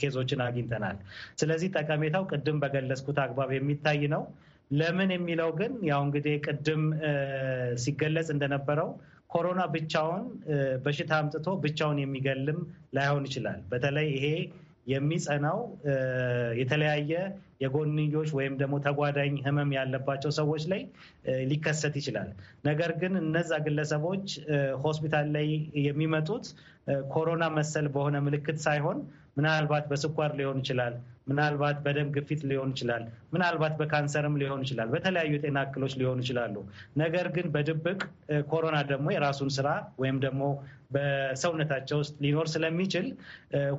ኬዞችን አግኝተናል። ስለዚህ ጠቀሜታው ቅድም በገለጽኩት አግባብ የሚታይ ነው። ለምን የሚለው ግን ያው እንግዲህ ቅድም ሲገለጽ እንደነበረው ኮሮና ብቻውን በሽታ አምጥቶ ብቻውን የሚገልም ላይሆን ይችላል። በተለይ ይሄ የሚጸናው የተለያየ የጎንዮሽ ወይም ደግሞ ተጓዳኝ ህመም ያለባቸው ሰዎች ላይ ሊከሰት ይችላል። ነገር ግን እነዛ ግለሰቦች ሆስፒታል ላይ የሚመጡት ኮሮና መሰል በሆነ ምልክት ሳይሆን ምናልባት በስኳር ሊሆን ይችላል፣ ምናልባት በደም ግፊት ሊሆን ይችላል፣ ምናልባት በካንሰርም ሊሆን ይችላል፣ በተለያዩ የጤና እክሎች ሊሆኑ ይችላሉ። ነገር ግን በድብቅ ኮሮና ደግሞ የራሱን ስራ ወይም ደግሞ በሰውነታቸው ውስጥ ሊኖር ስለሚችል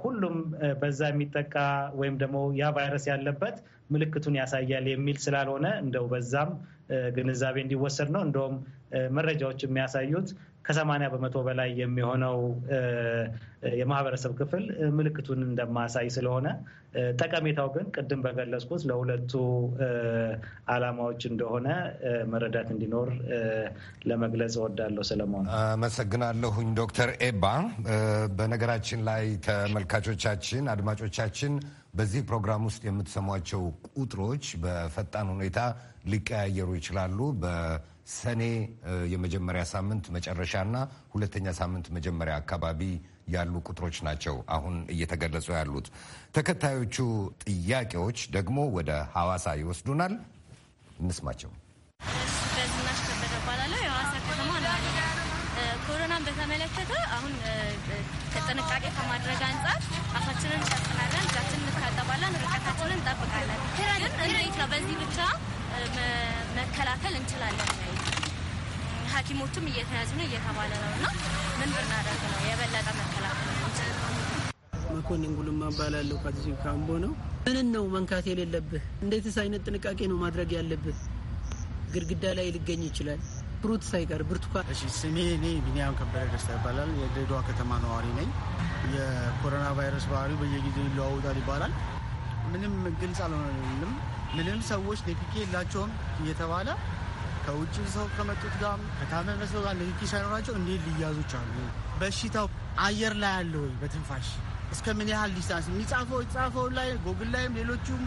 ሁሉም በዛ የሚጠቃ ወይም ደግሞ ያ ቫይረስ ያለበት ምልክቱን ያሳያል የሚል ስላልሆነ እንደው በዛም ግንዛቤ እንዲወሰድ ነው። እንደውም መረጃዎች የሚያሳዩት ከሰማንያ በመቶ በላይ የሚሆነው የማህበረሰብ ክፍል ምልክቱን እንደማያሳይ ስለሆነ ጠቀሜታው ግን ቅድም በገለጽኩት ለሁለቱ ዓላማዎች እንደሆነ መረዳት እንዲኖር ለመግለጽ እወዳለሁ። ሰለሞን አመሰግናለሁኝ። ዶክተር ኤባ በነገራችን ላይ ተመልካቾቻችን፣ አድማጮቻችን በዚህ ፕሮግራም ውስጥ የምትሰሟቸው ቁጥሮች በፈጣን ሁኔታ ሊቀያየሩ ይችላሉ። በሰኔ የመጀመሪያ ሳምንት መጨረሻና ሁለተኛ ሳምንት መጀመሪያ አካባቢ ያሉ ቁጥሮች ናቸው አሁን እየተገለጹ ያሉት። ተከታዮቹ ጥያቄዎች ደግሞ ወደ ሐዋሳ ይወስዱናል። እንስማቸው። በዝናሽ ኮሮናን በተመለከተ አሁን ከጥንቃቄ ከማድረግ አንጻር አፋችንን እንጨፍናለን፣ እጃችንን እንታጠባለን፣ ርቀታችንን እንጠብቃለን። ግን እንዴት ነው በዚህ ብቻ መከላከል እንችላለን? ሐኪሞችም እየተያዙ ነው እየተባለ ነው እና ምን ብናደርግ ነው የበለጠ መከላከል መኮንን ጉልማ እባላለሁ። ከዚህ ካምቦ ነው። ምንን ነው መንካት የሌለብህ? እንዴትስ አይነት ጥንቃቄ ነው ማድረግ ያለብህ? ግድግዳ ላይ ሊገኝ ይችላል ፍሩት ሳይቀር ብርቱካን። እሺ፣ ስሜ እኔ ቢኒያም ከበደ ደስታ ይባላል። የድሬዳዋ ከተማ ነዋሪ ነኝ። የኮሮና ቫይረስ ባህሪ በየጊዜው ይለዋወጣል ይባላል። ምንም ግልጽ አልሆነልንም። ምንም ሰዎች ንክኪ የላቸውም እየተባለ ከውጭ ሰው ከመጡት ጋር ከታመመ ሰው ጋር ንክኪ ሳይኖራቸው እንዴት ሊያዙ ቻሉ? በሽታው አየር ላይ አለ ወይ? በትንፋሽ እስከ ምን ያህል ዲስታንስ የሚጻፈው የተጻፈው ላይ ጎግል ላይም ሌሎቹም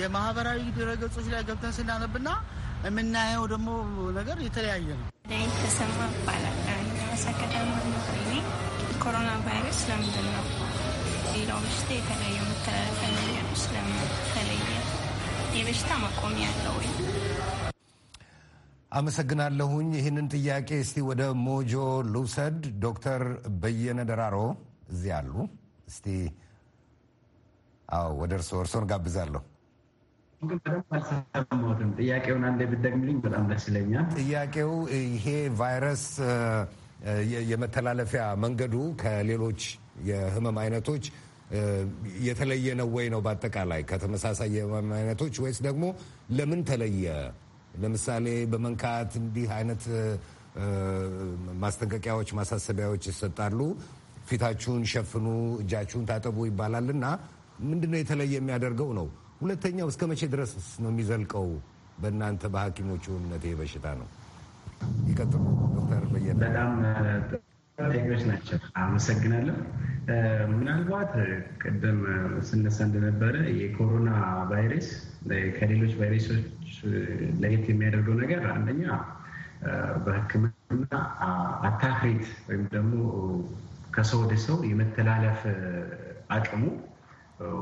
የማህበራዊ ድረገጾች ላይ ገብተን ስናነብና የምናየው ደግሞ ነገር የተለያየ ነው። ተሰማ ይባላል። ኮሮና ቫይረስ ለምንድን ነው ሌላው በሽታ የተለየ መተላለፊያ ነገር ስለምን ተለየ? የበሽታ መቆሚያ አለው ወይ? አመሰግናለሁኝ። ይህንን ጥያቄ እስቲ ወደ ሞጆ ልውሰድ። ዶክተር በየነ ደራሮ እዚህ አሉ። እስቲ አዎ፣ ወደ እርሶ እርሶን ጋብዛለሁ። ጥያቄውን አንዴ ብትደግምልኝ በጣም ደስ ይለኛል። ጥያቄው ይሄ ቫይረስ የመተላለፊያ መንገዱ ከሌሎች የህመም አይነቶች የተለየ ነው ወይ ነው? በአጠቃላይ ከተመሳሳይ የህመም አይነቶች ወይስ ደግሞ ለምን ተለየ ለምሳሌ በመንካት እንዲህ አይነት ማስጠንቀቂያዎች፣ ማሳሰቢያዎች ይሰጣሉ። ፊታችሁን ሸፍኑ፣ እጃችሁን ታጠቡ ይባላል እና ምንድነው የተለየ የሚያደርገው ነው? ሁለተኛው እስከ መቼ ድረስ ነው የሚዘልቀው? በእናንተ በሐኪሞቹ እምነት ይህ በሽታ ነው? ይቀጥሉ ዶክተር በየነ። ጥያቄዎች ናቸው። አመሰግናለሁ። ምናልባት ቅድም ስነሳ እንደነበረ የኮሮና ቫይረስ ከሌሎች ቫይረሶች ለየት የሚያደርገው ነገር አንደኛ በሕክምና አታክሪት ወይም ደግሞ ከሰው ወደ ሰው የመተላለፍ አቅሙ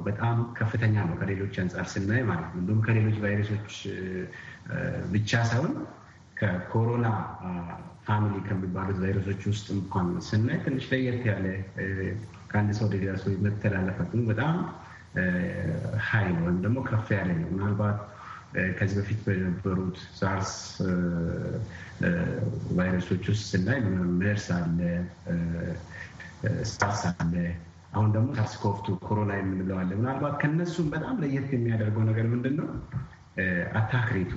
በጣም ከፍተኛ ነው፣ ከሌሎች አንጻር ስናይ ማለት ነው። እንዲሁም ከሌሎች ቫይረሶች ብቻ ሳይሆን ከኮሮና ፋሚሊ ከሚባሉት ቫይረሶች ውስጥ እንኳን ስናይ ትንሽ ለየት ያለ ከአንድ ሰው ወደ ሌላ ሰው መተላለፈትን በጣም ሀይ ነው ወይም ደግሞ ከፍ ያለ ነው። ምናልባት ከዚህ በፊት በነበሩት ሳርስ ቫይረሶች ውስጥ ስናይ መርስ አለ፣ ሳርስ አለ፣ አሁን ደግሞ ሳርስኮፍቱ ኮሮና የምንለው አለ። ምናልባት ከነሱም በጣም ለየት የሚያደርገው ነገር ምንድን ነው? አታክሬቱ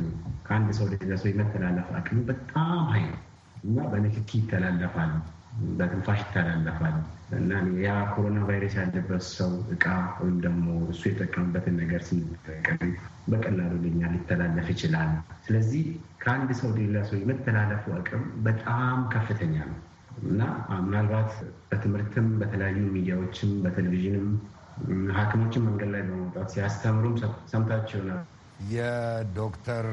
ከአንድ ሰው ወደ ሌላ ሰው የመተላለፍ አቅም በጣም ሀይ ነው። እና በንክኪ ይተላለፋል፣ በትንፋሽ ይተላለፋል እና ያ ኮሮና ቫይረስ ያለበት ሰው እቃ ወይም ደግሞ እሱ የጠቀምበትን ነገር ስንጠቀም በቀላሉ ለኛ ሊተላለፍ ይችላል። ስለዚህ ከአንድ ሰው ሌላ ሰው የመተላለፉ አቅም በጣም ከፍተኛ ነው እና ምናልባት በትምህርትም በተለያዩ ሚዲያዎችም በቴሌቪዥንም ሐኪሞችን መንገድ ላይ በመውጣት ሲያስተምሩም ሰምታችሁ ይሆናል። የዶክተር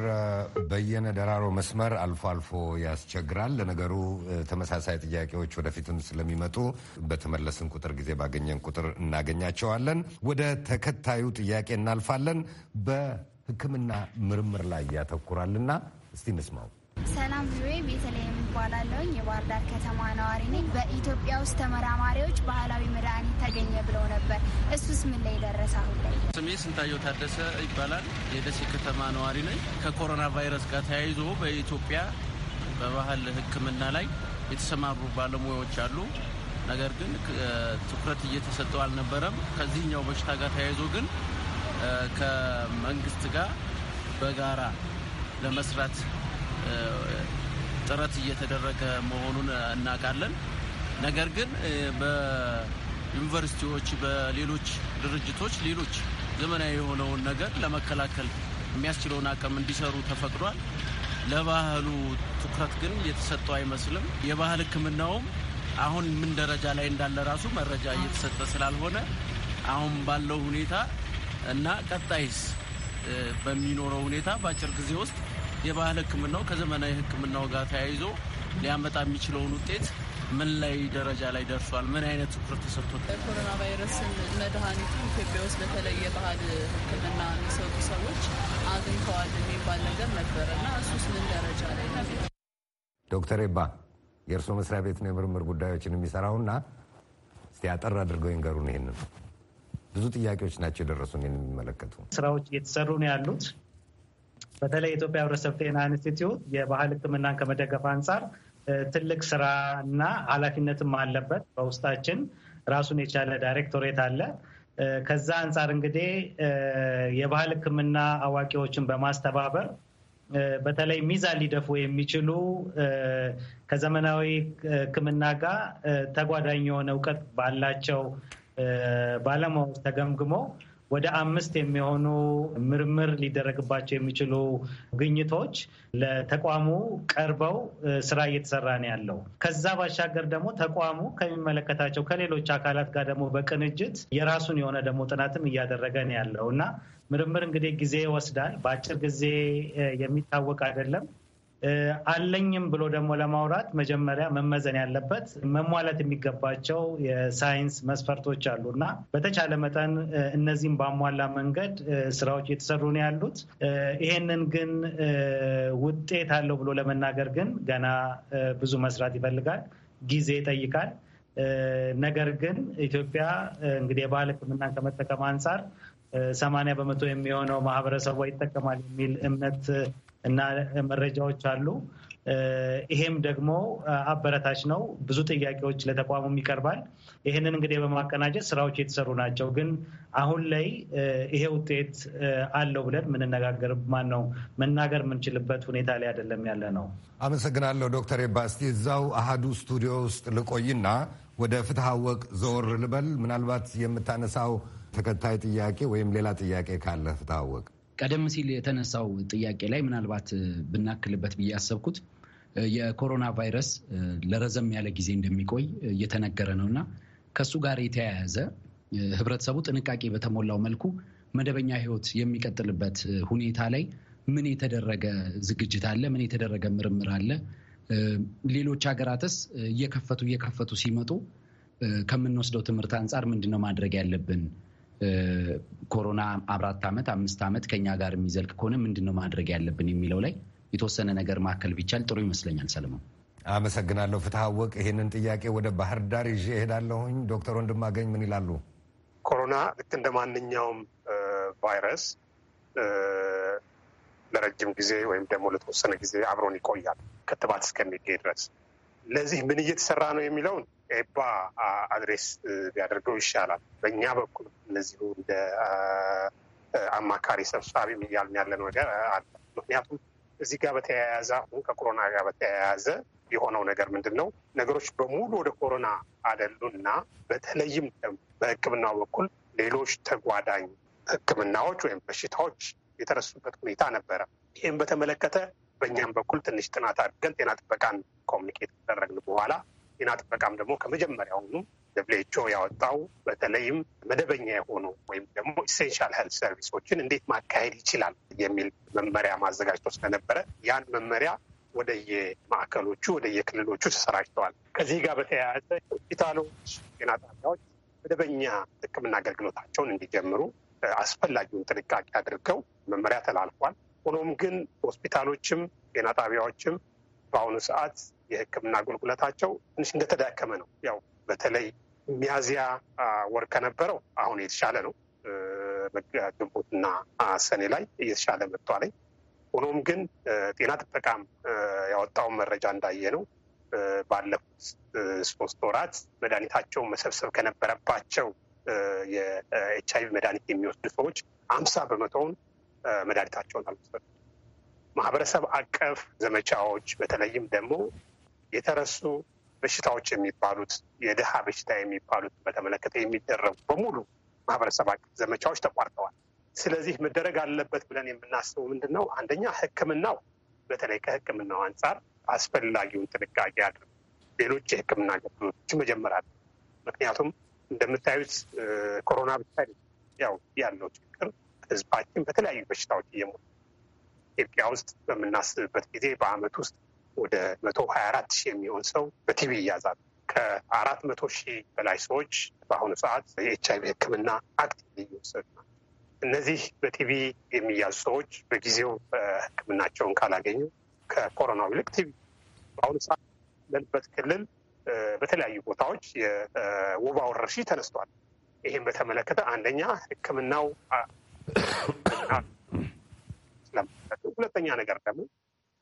በየነ ደራሮ መስመር አልፎ አልፎ ያስቸግራል። ለነገሩ ተመሳሳይ ጥያቄዎች ወደፊትም ስለሚመጡ በተመለስን ቁጥር ጊዜ ባገኘን ቁጥር እናገኛቸዋለን። ወደ ተከታዩ ጥያቄ እናልፋለን። በሕክምና ምርምር ላይ ያተኩራልና እስቲ እንስማው። ሰላም ቪኦኤ ቤተልሔም እባላለሁ። የባህር ዳር ከተማ ነዋሪ ነኝ። በኢትዮጵያ ውስጥ ተመራማሪዎች ባህላዊ መድኃኒት ተገኘ ብለው ነበር። እሱስ ምን ላይ ደረሰ? አሁን ላይ ስሜ ስንታየው ታደሰ ይባላል። የደሴ ከተማ ነዋሪ ነኝ። ከኮሮና ቫይረስ ጋር ተያይዞ በኢትዮጵያ በባህል ሕክምና ላይ የተሰማሩ ባለሙያዎች አሉ። ነገር ግን ትኩረት እየተሰጠው አልነበረም። ከዚህኛው በሽታ ጋር ተያይዞ ግን ከመንግስት ጋር በጋራ ለመስራት ጥረት እየተደረገ መሆኑን እናውቃለን። ነገር ግን በዩኒቨርሲቲዎች፣ በሌሎች ድርጅቶች ሌሎች ዘመናዊ የሆነውን ነገር ለመከላከል የሚያስችለውን አቅም እንዲሰሩ ተፈቅዷል። ለባህሉ ትኩረት ግን የተሰጠው አይመስልም። የባህል ሕክምናውም አሁን ምን ደረጃ ላይ እንዳለ ራሱ መረጃ እየተሰጠ ስላልሆነ አሁን ባለው ሁኔታ እና ቀጣይስ በሚኖረው ሁኔታ በአጭር ጊዜ ውስጥ የባህል ህክምናው ከዘመናዊ ህክምናው ጋር ተያይዞ ሊያመጣ የሚችለውን ውጤት ምን ላይ ደረጃ ላይ ደርሷል? ምን አይነት ትኩረት ተሰጥቶት ኮሮና ቫይረስን መድኃኒቱ ኢትዮጵያ ውስጥ በተለይ የባህል ህክምና የሚሰጡ ሰዎች አግኝተዋል የሚባል ነገር ነበረ እና እሱስ ምን ደረጃ ላይ ነው? ዶክተር ኤባ የእርስዎ መስሪያ ቤት ነው የምርምር ጉዳዮችን የሚሰራውና እስቲ አጠር አድርገው ይንገሩን ይህንን ብዙ ጥያቄዎች ናቸው የደረሱን የሚመለከቱ ስራዎች እየተሰሩ ነው ያሉት። በተለይ የኢትዮጵያ ህብረተሰብ ጤና ኢንስቲትዩት የባህል ህክምናን ከመደገፍ አንጻር ትልቅ ስራ እና ኃላፊነትም አለበት። በውስጣችን ራሱን የቻለ ዳይሬክቶሬት አለ። ከዛ አንጻር እንግዲህ የባህል ህክምና አዋቂዎችን በማስተባበር በተለይ ሚዛን ሊደፉ የሚችሉ ከዘመናዊ ህክምና ጋር ተጓዳኝ የሆነ እውቀት ባላቸው ባለሙያዎች ተገምግሞ ወደ አምስት የሚሆኑ ምርምር ሊደረግባቸው የሚችሉ ግኝቶች ለተቋሙ ቀርበው ስራ እየተሰራ ነው ያለው። ከዛ ባሻገር ደግሞ ተቋሙ ከሚመለከታቸው ከሌሎች አካላት ጋር ደግሞ በቅንጅት የራሱን የሆነ ደግሞ ጥናትም እያደረገ ነው ያለው እና ምርምር እንግዲህ ጊዜ ይወስዳል። በአጭር ጊዜ የሚታወቅ አይደለም። አለኝም ብሎ ደግሞ ለማውራት መጀመሪያ መመዘን ያለበት መሟላት የሚገባቸው የሳይንስ መስፈርቶች አሉ እና በተቻለ መጠን እነዚህም ባሟላ መንገድ ስራዎች እየተሰሩ ነው ያሉት። ይሄንን ግን ውጤት አለው ብሎ ለመናገር ግን ገና ብዙ መስራት ይፈልጋል፣ ጊዜ ይጠይቃል። ነገር ግን ኢትዮጵያ እንግዲህ የባህል ሕክምናን ከመጠቀም አንጻር ሰማንያ በመቶ የሚሆነው ማህበረሰቧ ይጠቀማል የሚል እምነት እና መረጃዎች አሉ። ይሄም ደግሞ አበረታች ነው። ብዙ ጥያቄዎች ለተቋሙም ይቀርባል። ይህንን እንግዲህ በማቀናጀት ስራዎች የተሰሩ ናቸው። ግን አሁን ላይ ይሄ ውጤት አለው ብለን ምንነጋገር ማን ነው መናገር የምንችልበት ሁኔታ ላይ አይደለም ያለ ነው። አመሰግናለሁ ዶክተር ኤባስቲ እዛው አሃዱ ስቱዲዮ ውስጥ ልቆይና ወደ ፍትሐ ወቅ ዘወር ልበል። ምናልባት የምታነሳው ተከታይ ጥያቄ ወይም ሌላ ጥያቄ ካለ ፍትሐ ወቅ ቀደም ሲል የተነሳው ጥያቄ ላይ ምናልባት ብናክልበት ብዬ ያሰብኩት የኮሮና ቫይረስ ለረዘም ያለ ጊዜ እንደሚቆይ እየተነገረ ነው እና ከእሱ ጋር የተያያዘ ህብረተሰቡ ጥንቃቄ በተሞላው መልኩ መደበኛ ህይወት የሚቀጥልበት ሁኔታ ላይ ምን የተደረገ ዝግጅት አለ? ምን የተደረገ ምርምር አለ? ሌሎች ሀገራትስ እየከፈቱ እየከፈቱ ሲመጡ ከምንወስደው ትምህርት አንጻር ምንድን ነው ማድረግ ያለብን ኮሮና አራት ዓመት አምስት ዓመት ከኛ ጋር የሚዘልቅ ከሆነ ምንድነው ማድረግ ያለብን የሚለው ላይ የተወሰነ ነገር ማከል ቢቻል ጥሩ ይመስለኛል። ሰለሞን አመሰግናለሁ። ፍትሐ ወቅ ይህንን ጥያቄ ወደ ባህር ዳር ይዤ እሄዳለሁኝ። ዶክተር ወንድማገኝ ምን ይላሉ? ኮሮና ልክ እንደ ማንኛውም ቫይረስ ለረጅም ጊዜ ወይም ደግሞ ለተወሰነ ጊዜ አብሮን ይቆያል ክትባት እስከሚገኝ ድረስ። ለዚህ ምን እየተሰራ ነው የሚለውን ኤባ አድሬስ ቢያደርገው ይሻላል። በእኛ በኩል እነዚሁ እንደ አማካሪ ሰብሳቢ እያልን ያለ ነገር አለ። ምክንያቱም እዚህ ጋር በተያያዘ አሁን ከኮሮና ጋር በተያያዘ የሆነው ነገር ምንድን ነው? ነገሮች በሙሉ ወደ ኮሮና አደሉ እና በተለይም በሕክምናው በኩል ሌሎች ተጓዳኝ ሕክምናዎች ወይም በሽታዎች የተረሱበት ሁኔታ ነበረ። ይህም በተመለከተ በእኛም በኩል ትንሽ ጥናት አድርገን ጤና ጥበቃን ኮሚኒኬት ከተደረግን በኋላ ጤና ጥበቃም ደግሞ ከመጀመሪያውኑ ደብሌቾ ያወጣው በተለይም መደበኛ የሆኑ ወይም ደግሞ ኢሴንሻል ሄልት ሰርቪሶችን እንዴት ማካሄድ ይችላል የሚል መመሪያ ማዘጋጅቶ ስለነበረ ያን መመሪያ ወደየማዕከሎቹ ወደየክልሎቹ ተሰራጭተዋል። ከዚህ ጋር በተያያዘ ሆስፒታሎች፣ ጤና ጣቢያዎች መደበኛ ሕክምና አገልግሎታቸውን እንዲጀምሩ አስፈላጊውን ጥንቃቄ አድርገው መመሪያ ተላልፏል። ሆኖም ግን ሆስፒታሎችም ጤና ጣቢያዎችም በአሁኑ ሰዓት የሕክምና አገልግሎታቸው ትንሽ እንደተዳከመ ነው። ያው በተለይ ሚያዚያ ወር ከነበረው አሁን የተሻለ ነው። ግንቦትና ሰኔ ላይ እየተሻለ ላይ ሆኖም ግን ጤና ጥበቃም ያወጣውን መረጃ እንዳየ ነው ባለፉት ሶስት ወራት መድኃኒታቸው መሰብሰብ ከነበረባቸው የኤች አይቪ መድኃኒት የሚወስዱ ሰዎች አምሳ በመቶውን መድኃኒታቸውን አልወሰዱ። ማህበረሰብ አቀፍ ዘመቻዎች በተለይም ደግሞ የተረሱ በሽታዎች የሚባሉት የድሃ በሽታ የሚባሉት በተመለከተ የሚደረጉ በሙሉ ማህበረሰብ አቀፍ ዘመቻዎች ተቋርጠዋል። ስለዚህ መደረግ አለበት ብለን የምናስበው ምንድን ነው? አንደኛ ሕክምናው በተለይ ከሕክምናው አንጻር አስፈላጊውን ጥንቃቄ አድርጉ። ሌሎች የሕክምና አገልግሎቶች መጀመር ምክንያቱም እንደምታዩት ኮሮና ብቻ ያው ያለው ችግር ህዝባችን በተለያዩ በሽታዎች እየሞ ኢትዮጵያ ውስጥ በምናስብበት ጊዜ በአመት ውስጥ ወደ መቶ ሀያ አራት ሺህ የሚሆን ሰው በቲቪ ይያዛል። ከአራት መቶ ሺህ በላይ ሰዎች በአሁኑ ሰዓት የኤች አይቪ ሕክምና አክቲቭ እየወሰዱ ነው። እነዚህ በቲቪ የሚያዙ ሰዎች በጊዜው ሕክምናቸውን ካላገኙ ከኮሮናው ይልቅ ቲቪ በአሁኑ ሰዓት ለልበት ክልል በተለያዩ ቦታዎች የወባ ወረርሽኝ ተነስቷል። ይህም በተመለከተ አንደኛ ሕክምናው ሁለተኛ ነገር ደግሞ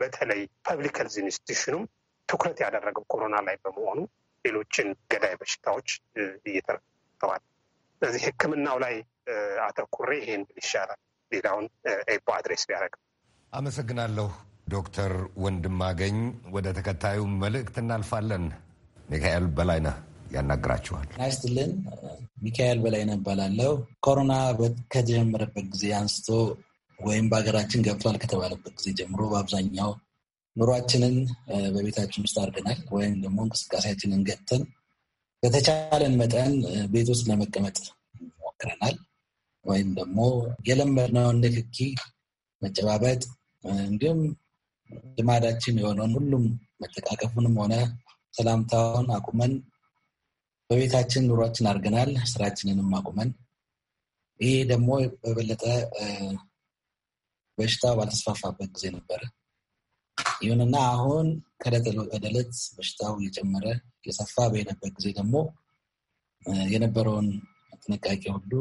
በተለይ ፐብሊክ ሄልዝ ኢንስቲትዩሽኑም ትኩረት ያደረገው ኮሮና ላይ በመሆኑ ሌሎችን ገዳይ በሽታዎች እየተረተዋል። ስለዚህ ሕክምናው ላይ አተኩሬ ይሄን ብል ይሻላል። ሌላውን ኤፖ አድሬስ ቢያደርግ። አመሰግናለሁ ዶክተር ወንድማገኝ። ወደ ተከታዩ መልእክት እናልፋለን። ሚካኤል በላይነህ ያናግራችኋል። ናይስትልን ሚካኤል በላይነህ እባላለሁ። ኮሮና ከተጀመረበት ጊዜ አንስቶ ወይም በሀገራችን ገብቷል ከተባለበት ጊዜ ጀምሮ በአብዛኛው ኑሯችንን በቤታችን ውስጥ አድርገናል ወይም ደግሞ እንቅስቃሴያችንን ገጥተን በተቻለን መጠን ቤት ውስጥ ለመቀመጥ ሞክረናል። ወይም ደግሞ የለመድነውን ንክኪ፣ መጨባበጥ እንዲሁም ልማዳችን የሆነውን ሁሉም መጠቃቀፉንም ሆነ ሰላምታውን አቁመን በቤታችን ኑሯችን አድርገናል። ስራችንንም አቁመን ይሄ ደግሞ በበለጠ በሽታ ባልተስፋፋበት ጊዜ ነበረ። ይሁንና አሁን ከዕለት ወደ ዕለት በሽታው እየጨመረ እየሰፋ በሄደበት ጊዜ ደግሞ የነበረውን ጥንቃቄ ሁሉ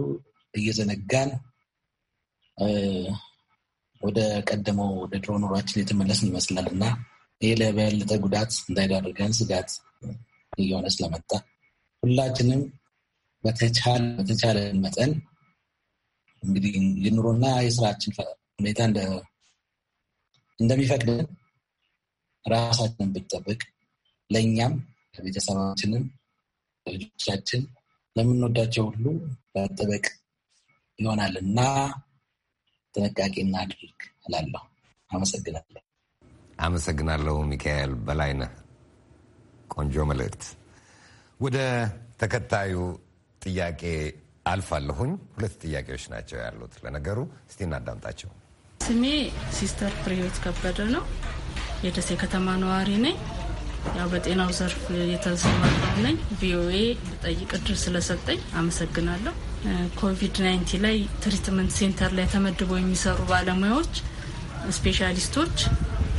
እየዘነጋን ወደ ቀደመው ወደ ድሮ ኑሯችን የተመለስን ይመስላል እና ይህ ለበለጠ ጉዳት እንዳይዳርገን ስጋት እየሆነ ስለመጣ ሁላችንም በተቻለ መጠን እንግዲህ የኑሮና የስራችን ሁኔታ እንደሚፈቅድን ራሳችንን ብንጠብቅ ለእኛም ቤተሰባችንም ልጆቻችን ለምንወዳቸው ሁሉ በመጠበቅ ይሆናል እና ጥንቃቄ እናድርግ እላለሁ። አመሰግናለሁ። አመሰግናለሁ ሚካኤል በላይነህ። ቆንጆ መልእክት። ወደ ተከታዩ ጥያቄ አልፋለሁኝ። ሁለት ጥያቄዎች ናቸው ያሉት። ለነገሩ እስቲ እናዳምጣቸው። ስሜ ሲስተር ፍሬህይወት ከበደ ነው። የደሴ ከተማ ነዋሪ ነኝ። ያው በጤናው ዘርፍ የተሰማራው ነኝ። ቪኦኤ ልጠይቅ እድል ስለሰጠኝ አመሰግናለሁ። ኮቪድ 19 ላይ ትሪትመንት ሴንተር ላይ ተመድበው የሚሰሩ ባለሙያዎች፣ ስፔሻሊስቶች፣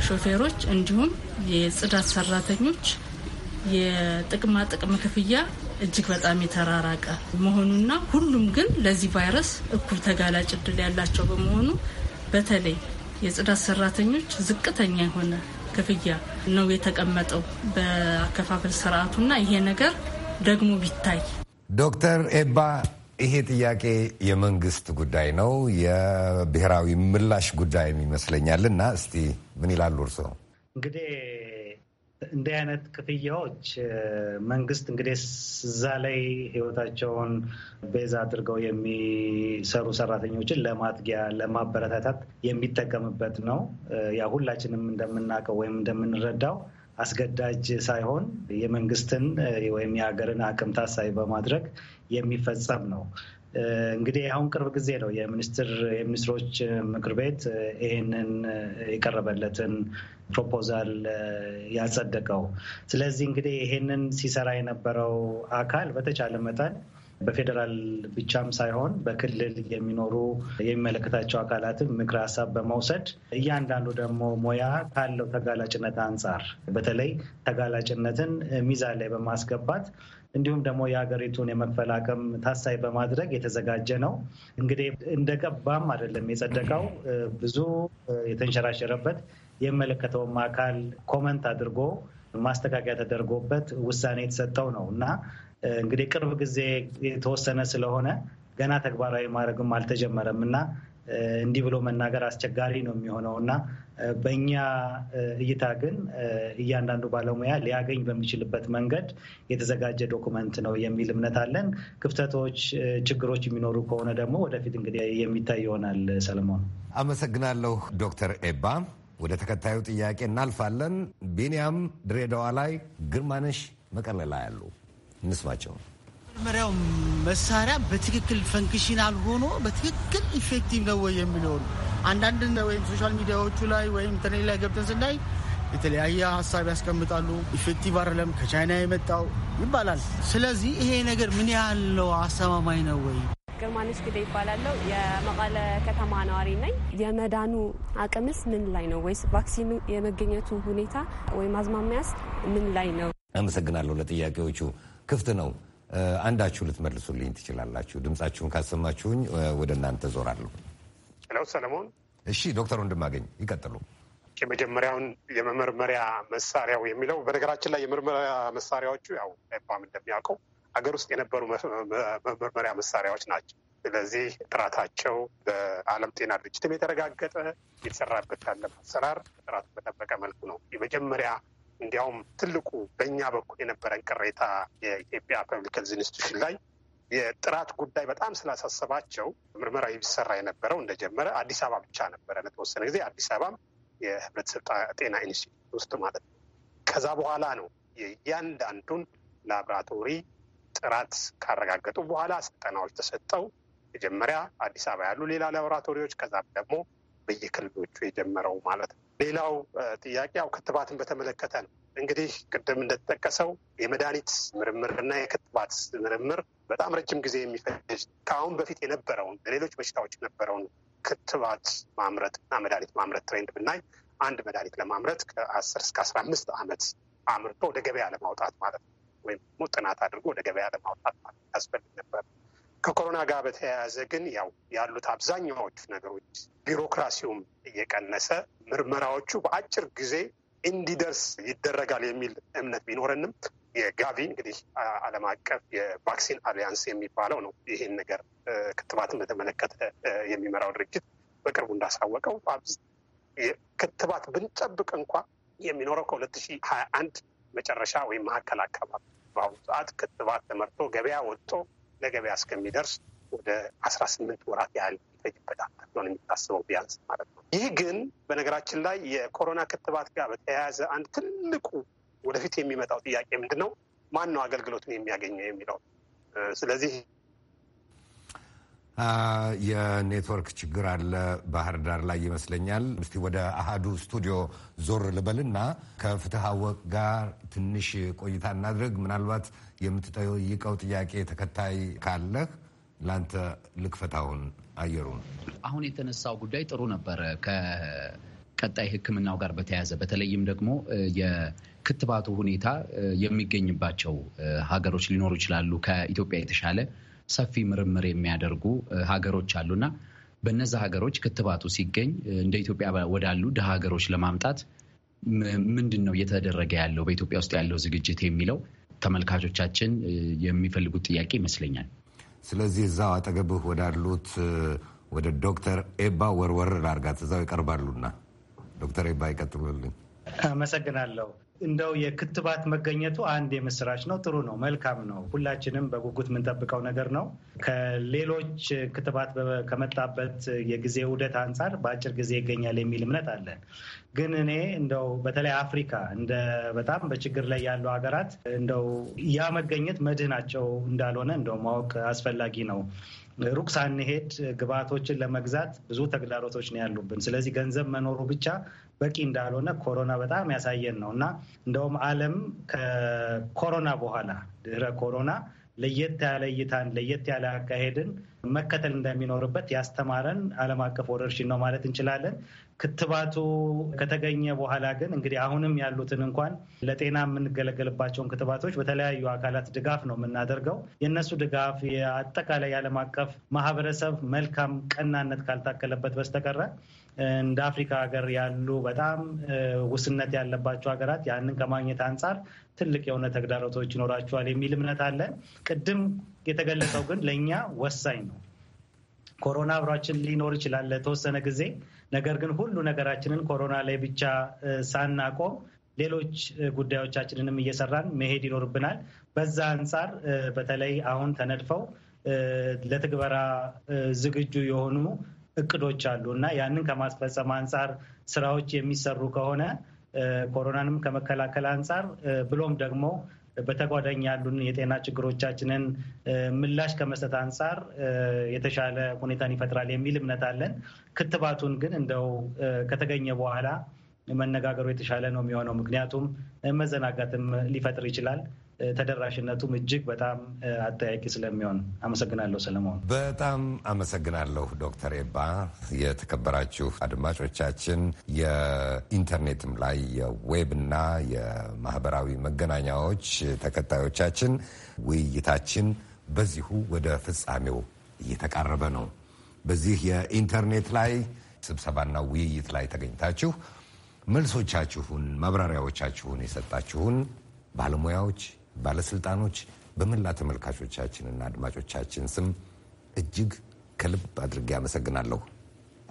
ሾፌሮች እንዲሁም የጽዳት ሰራተኞች የጥቅማ ጥቅም ክፍያ እጅግ በጣም የተራራቀ መሆኑና ሁሉም ግን ለዚህ ቫይረስ እኩል ተጋላጭ እድል ያላቸው በመሆኑ በተለይ የጽዳት ሰራተኞች ዝቅተኛ የሆነ ክፍያ ነው የተቀመጠው በአከፋፈል ስርዓቱና ይሄ ነገር ደግሞ ቢታይ። ዶክተር ኤባ ይሄ ጥያቄ የመንግስት ጉዳይ ነው፣ የብሔራዊ ምላሽ ጉዳይም ይመስለኛል እና እስቲ ምን ይላሉ እርስዎ? እንግዲህ እንዲህ አይነት ክፍያዎች መንግስት እንግዲህ እዛ ላይ ህይወታቸውን ቤዛ አድርገው የሚሰሩ ሰራተኞችን ለማጥጊያ ለማበረታታት የሚጠቀምበት ነው። ያ ሁላችንም እንደምናውቀው ወይም እንደምንረዳው አስገዳጅ ሳይሆን የመንግስትን ወይም የሀገርን አቅም ታሳቢ በማድረግ የሚፈጸም ነው። እንግዲህ አሁን ቅርብ ጊዜ ነው የሚኒስትር የሚኒስትሮች ምክር ቤት ይህንን የቀረበለትን ፕሮፖዛል ያጸደቀው። ስለዚህ እንግዲህ ይሄንን ሲሰራ የነበረው አካል በተቻለ መጠን በፌዴራል ብቻም ሳይሆን በክልል የሚኖሩ የሚመለከታቸው አካላትን ምክር ሀሳብ በመውሰድ እያንዳንዱ ደግሞ ሙያ ካለው ተጋላጭነት አንጻር በተለይ ተጋላጭነትን ሚዛን ላይ በማስገባት እንዲሁም ደግሞ የሀገሪቱን የመክፈል አቅም ታሳይ በማድረግ የተዘጋጀ ነው። እንግዲህ እንደገባም አይደለም የጸደቀው ብዙ የተንሸራሸረበት የሚመለከተውም አካል ኮመንት አድርጎ ማስተካከያ ተደርጎበት ውሳኔ የተሰጠው ነው እና እንግዲህ ቅርብ ጊዜ የተወሰነ ስለሆነ ገና ተግባራዊ ማድረግም አልተጀመረም እና እንዲህ ብሎ መናገር አስቸጋሪ ነው የሚሆነው እና በእኛ እይታ ግን እያንዳንዱ ባለሙያ ሊያገኝ በሚችልበት መንገድ የተዘጋጀ ዶክመንት ነው የሚል እምነት አለን። ክፍተቶች፣ ችግሮች የሚኖሩ ከሆነ ደግሞ ወደፊት እንግዲህ የሚታይ ይሆናል። ሰለሞን አመሰግናለሁ። ዶክተር ኤባ ወደ ተከታዩ ጥያቄ እናልፋለን። ቢንያም ድሬዳዋ ላይ፣ ግርማነሽ መቀለላ ያሉ እንስማቸው። መጀመሪያው መሳሪያ በትክክል ፈንክሽናል ሆኖ በትክክል ኢፌክቲቭ ነው ወይ የሚለው አንዳንድ ወይም ሶሻል ሚዲያዎቹ ላይ ወይም ኢንተርኔት ላይ ገብተን ስናይ የተለያየ ሀሳብ ያስቀምጣሉ። ኢፌክቲቭ አይደለም ከቻይና የመጣው ይባላል። ስለዚህ ይሄ ነገር ምን ያለው አስተማማኝ ነው ወይ? ግርማነሽ ግዴ ይባላለው የመቀለ ከተማ ነዋሪ ነኝ። የመዳኑ አቅምስ ምን ላይ ነው? ወይስ ቫክሲኑ የመገኘቱ ሁኔታ ወይም አዝማሚያስ ምን ላይ ነው? አመሰግናለሁ። ለጥያቄዎቹ ክፍት ነው። አንዳችሁ ልትመልሱልኝ ትችላላችሁ። ድምጻችሁን ካሰማችሁኝ ወደ እናንተ ዞራለሁ። ለው ሰለሞን። እሺ ዶክተር ወንድማገኝ ይቀጥሉ። የመጀመሪያውን የመመርመሪያ መሳሪያው የሚለው በነገራችን ላይ የመርመሪያ መሳሪያዎቹ ያው ባም እንደሚያውቀው ሀገር ውስጥ የነበሩ መመርመሪያ መሳሪያዎች ናቸው። ስለዚህ ጥራታቸው በዓለም ጤና ድርጅትም የተረጋገጠ የተሰራበት ያለ አሰራር ጥራቱን በጠበቀ መልኩ ነው የመጀመሪያ እንዲያውም ትልቁ በእኛ በኩል የነበረን ቅሬታ የኢትዮጵያ ፐብሊክ ሄልዝ ላይ የጥራት ጉዳይ በጣም ስላሳሰባቸው ምርመራ የሚሰራ የነበረው እንደጀመረ አዲስ አበባ ብቻ ነበረ ለተወሰነ ጊዜ አዲስ አበባም የህብረተሰብ ጤና ኢንስቲቱት ውስጥ ማለት ነው። ከዛ በኋላ ነው የእያንዳንዱን ላብራቶሪ ጥራት ካረጋገጡ በኋላ ስልጠናዎች ተሰጠው። መጀመሪያ አዲስ አበባ ያሉ ሌላ ላቦራቶሪዎች፣ ከዛም ደግሞ በየክልሎቹ የጀመረው ማለት ነው። ሌላው ጥያቄ ያው ክትባትን በተመለከተ ነው። እንግዲህ ቅድም እንደተጠቀሰው የመድኃኒት ምርምርና የክትባት ምርምር በጣም ረጅም ጊዜ የሚፈጅ ከአሁን በፊት የነበረውን ለሌሎች በሽታዎች የነበረውን ክትባት ማምረት እና መድኃኒት ማምረት ትሬንድ ብናይ አንድ መድኃኒት ለማምረት ከአስር እስከ አስራ አምስት ዓመት አምርቶ ወደ ገበያ ለማውጣት ማለት ነው ወይም ጥናት አድርጎ ወደ ገበያ ለማውጣት ማለት ያስፈልግ ነበር። ከኮሮና ጋር በተያያዘ ግን ያው ያሉት አብዛኛዎቹ ነገሮች ቢሮክራሲውም እየቀነሰ ምርመራዎቹ በአጭር ጊዜ እንዲደርስ ይደረጋል የሚል እምነት ቢኖረንም የጋቪ እንግዲህ ዓለም አቀፍ የቫክሲን አሊያንስ የሚባለው ነው ይህን ነገር ክትባትን በተመለከተ የሚመራው ድርጅት በቅርቡ እንዳሳወቀው ክትባት ብንጠብቅ እንኳ የሚኖረው ከሁለት ሺህ ሀያ አንድ መጨረሻ ወይም መካከል አካባቢ በአሁኑ ሰዓት ክትባት ተመርቶ ገበያ ወጥቶ ለገበያ እስከሚደርስ ወደ አስራ ስምንት ወራት ያህል ይፈጅበታል ተብሎ የሚታሰበው ቢያንስ ማለት ነው። ይህ ግን በነገራችን ላይ የኮሮና ክትባት ጋር በተያያዘ አንድ ትልቁ ወደፊት የሚመጣው ጥያቄ ምንድን ነው? ማን ነው አገልግሎቱን የሚያገኘው የሚለው ስለዚህ የኔትወርክ ችግር አለ ባህር ዳር ላይ ይመስለኛል። እስቲ ወደ አሃዱ ስቱዲዮ ዞር ልበልና ከፍትህ አወቅ ጋር ትንሽ ቆይታ እናድርግ። ምናልባት የምትጠይቀው ጥያቄ ተከታይ ካለህ ለአንተ ልክፈታውን አየሩን። አሁን የተነሳው ጉዳይ ጥሩ ነበረ ከቀጣይ ሕክምናው ጋር በተያያዘ በተለይም ደግሞ የክትባቱ ሁኔታ የሚገኝባቸው ሀገሮች ሊኖሩ ይችላሉ ከኢትዮጵያ የተሻለ ሰፊ ምርምር የሚያደርጉ ሀገሮች አሉና በነዛ ሀገሮች ክትባቱ ሲገኝ እንደ ኢትዮጵያ ወዳሉ ድሃ ሀገሮች ለማምጣት ምንድን ነው እየተደረገ ያለው በኢትዮጵያ ውስጥ ያለው ዝግጅት የሚለው ተመልካቾቻችን የሚፈልጉት ጥያቄ ይመስለኛል። ስለዚህ እዛው አጠገብህ ወዳሉት ወደ ዶክተር ኤባ ወርወር ላርጋት፣ እዛው ይቀርባሉና ዶክተር ኤባ ይቀጥሉልኝ። አመሰግናለሁ። እንደው የክትባት መገኘቱ አንድ የምስራች ነው። ጥሩ ነው፣ መልካም ነው። ሁላችንም በጉጉት የምንጠብቀው ነገር ነው። ከሌሎች ክትባት ከመጣበት የጊዜ ውደት አንጻር በአጭር ጊዜ ይገኛል የሚል እምነት አለን። ግን እኔ እንደው በተለይ አፍሪካ እንደ በጣም በችግር ላይ ያሉ ሀገራት እንደው ያ መገኘት መድህናቸው እንዳልሆነ እንደው ማወቅ አስፈላጊ ነው። ሩቅ ሳንሄድ ግብዓቶችን ለመግዛት ብዙ ተግዳሮቶች ነው ያሉብን። ስለዚህ ገንዘብ መኖሩ ብቻ በቂ እንዳልሆነ ኮሮና በጣም ያሳየን ነው እና እንደውም ዓለም ከኮሮና በኋላ ድህረ ኮሮና ለየት ያለ እይታን ለየት ያለ አካሄድን መከተል እንደሚኖርበት ያስተማረን ዓለም አቀፍ ወረርሽኝ ነው ማለት እንችላለን። ክትባቱ ከተገኘ በኋላ ግን እንግዲህ አሁንም ያሉትን እንኳን ለጤና የምንገለገልባቸውን ክትባቶች በተለያዩ አካላት ድጋፍ ነው የምናደርገው። የእነሱ ድጋፍ የአጠቃላይ የዓለም አቀፍ ማህበረሰብ መልካም ቀናነት ካልታከለበት በስተቀረ እንደ አፍሪካ ሀገር ያሉ በጣም ውስነት ያለባቸው ሀገራት ያንን ከማግኘት አንጻር ትልቅ የሆነ ተግዳሮቶች ይኖራቸዋል የሚል እምነት አለ። ቅድም የተገለጸው ግን ለእኛ ወሳኝ ነው። ኮሮና አብሯችን ሊኖር ይችላል ለተወሰነ ጊዜ። ነገር ግን ሁሉ ነገራችንን ኮሮና ላይ ብቻ ሳናቆም ሌሎች ጉዳዮቻችንንም እየሰራን መሄድ ይኖርብናል። በዛ አንጻር በተለይ አሁን ተነድፈው ለትግበራ ዝግጁ የሆኑ እቅዶች አሉ እና ያንን ከማስፈጸም አንጻር ስራዎች የሚሰሩ ከሆነ ኮሮናንም ከመከላከል አንጻር ብሎም ደግሞ በተጓዳኝ ያሉን የጤና ችግሮቻችንን ምላሽ ከመስጠት አንጻር የተሻለ ሁኔታን ይፈጥራል የሚል እምነት አለን። ክትባቱን ግን እንደው ከተገኘ በኋላ መነጋገሩ የተሻለ ነው የሚሆነው። ምክንያቱም መዘናጋትም ሊፈጥር ይችላል። ተደራሽነቱም እጅግ በጣም አጠያቂ ስለሚሆን አመሰግናለሁ ሰለሞን። በጣም አመሰግናለሁ ዶክተር ኤባ። የተከበራችሁ አድማጮቻችን የኢንተርኔትም ላይ የዌብ እና የማህበራዊ መገናኛዎች ተከታዮቻችን ውይይታችን በዚሁ ወደ ፍጻሜው እየተቃረበ ነው። በዚህ የኢንተርኔት ላይ ስብሰባና ውይይት ላይ ተገኝታችሁ መልሶቻችሁን፣ ማብራሪያዎቻችሁን የሰጣችሁን ባለሙያዎች ባለስልጣኖች በመላ ተመልካቾቻችንና አድማጮቻችን ስም እጅግ ከልብ አድርጌ አመሰግናለሁ።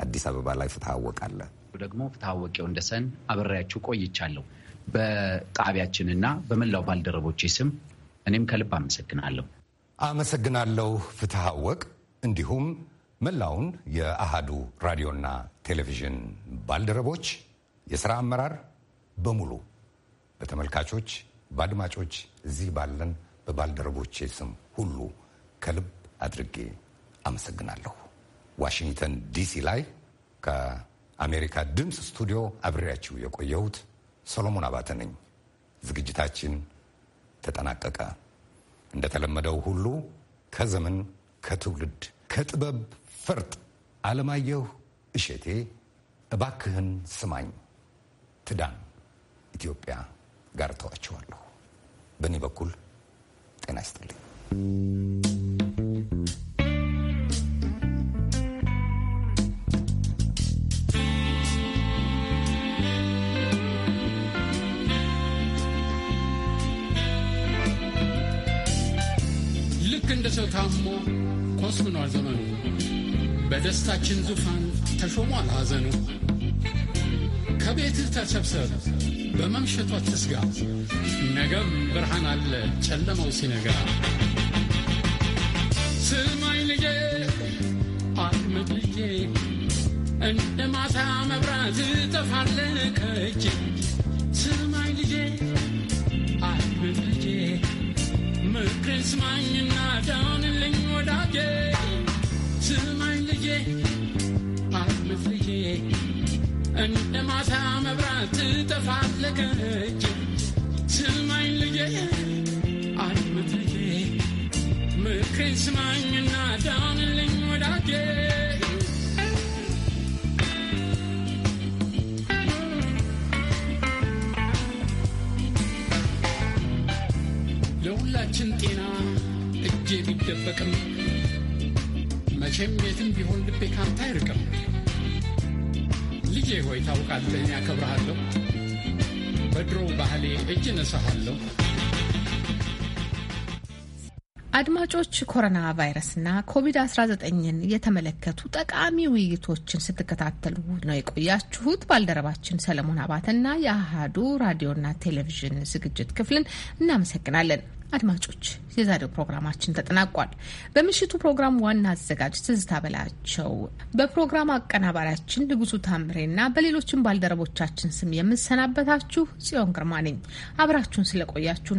አዲስ አበባ ላይ ፍትሐወቅ አለ። ደግሞ ፍትሐወቂው እንደሰን አብሬያችሁ ቆይቻለሁ። በጣቢያችንና በመላው ባልደረቦቼ ስም እኔም ከልብ አመሰግናለሁ። አመሰግናለሁ ፍትሐወቅ እንዲሁም መላውን የአሃዱ ራዲዮና ቴሌቪዥን ባልደረቦች፣ የሥራ አመራር በሙሉ በተመልካቾች በአድማጮች እዚህ ባለን በባልደረቦቼ ስም ሁሉ ከልብ አድርጌ አመሰግናለሁ። ዋሽንግተን ዲሲ ላይ ከአሜሪካ ድምፅ ስቱዲዮ አብሬያችሁ የቆየሁት ሰሎሞን አባተ ነኝ። ዝግጅታችን ተጠናቀቀ። እንደተለመደው ሁሉ ከዘመን ከትውልድ ከጥበብ ፈርጥ አለማየሁ እሸቴ እባክህን ስማኝ ትዳን ኢትዮጵያ ጋር ተዋቸዋለሁ። በእኔ በኩል ጤና ይስጥልኝ። ልክ እንደ ሰው ታሞ ኮስምኗል ዘመኑ። በደስታችን ዙፋን ተሾሟል ሐዘኑ። ከቤትህ ተሰብሰብ በመምሸቷ ትስጋ። ነገም ብርሃን አለ ጨለማው ሲነጋ። ስማኝ ልጄ አድምጥ ልጄ እንደ ማታ መብራት ጠፋለ ከእጅ ስማኝ ልጄ አድምጥ ልጄ ምክሬን ስማኝና ዳንልኝ ወዳጄ ስማኝ ልጄ እንደ ማታ መብራት ትጠፋለቀች። ስማኝ ልጄ አልምትጌ ምክሬን ስማኝና ዳንልኝ ወዳጌ ለሁላችን ጤና እጄ ቢደበቅም መቼም የትም ቢሆን ልቤ ካንተ አይርቅም። ልጄ ሆይ ታውቃለህ፣ ያከብረሃለሁ፣ በድሮ ባህሌ እጅ ነሳሃለሁ። አድማጮች ኮሮና ቫይረስና ኮቪድ-19ን የተመለከቱ ጠቃሚ ውይይቶችን ስትከታተሉ ነው የቆያችሁት። ባልደረባችን ሰለሞን አባተና የአሃዱ ራዲዮና ቴሌቪዥን ዝግጅት ክፍልን እናመሰግናለን። አድማጮች የዛሬው ፕሮግራማችን ተጠናቋል። በምሽቱ ፕሮግራም ዋና አዘጋጅ ትዝታ በላቸው፣ በፕሮግራም አቀናባሪያችን ንጉሱ ታምሬና በሌሎችም ባልደረቦቻችን ስም የምሰናበታችሁ ጽዮን ግርማ ነኝ። አብራችሁን ስለቆያችሁ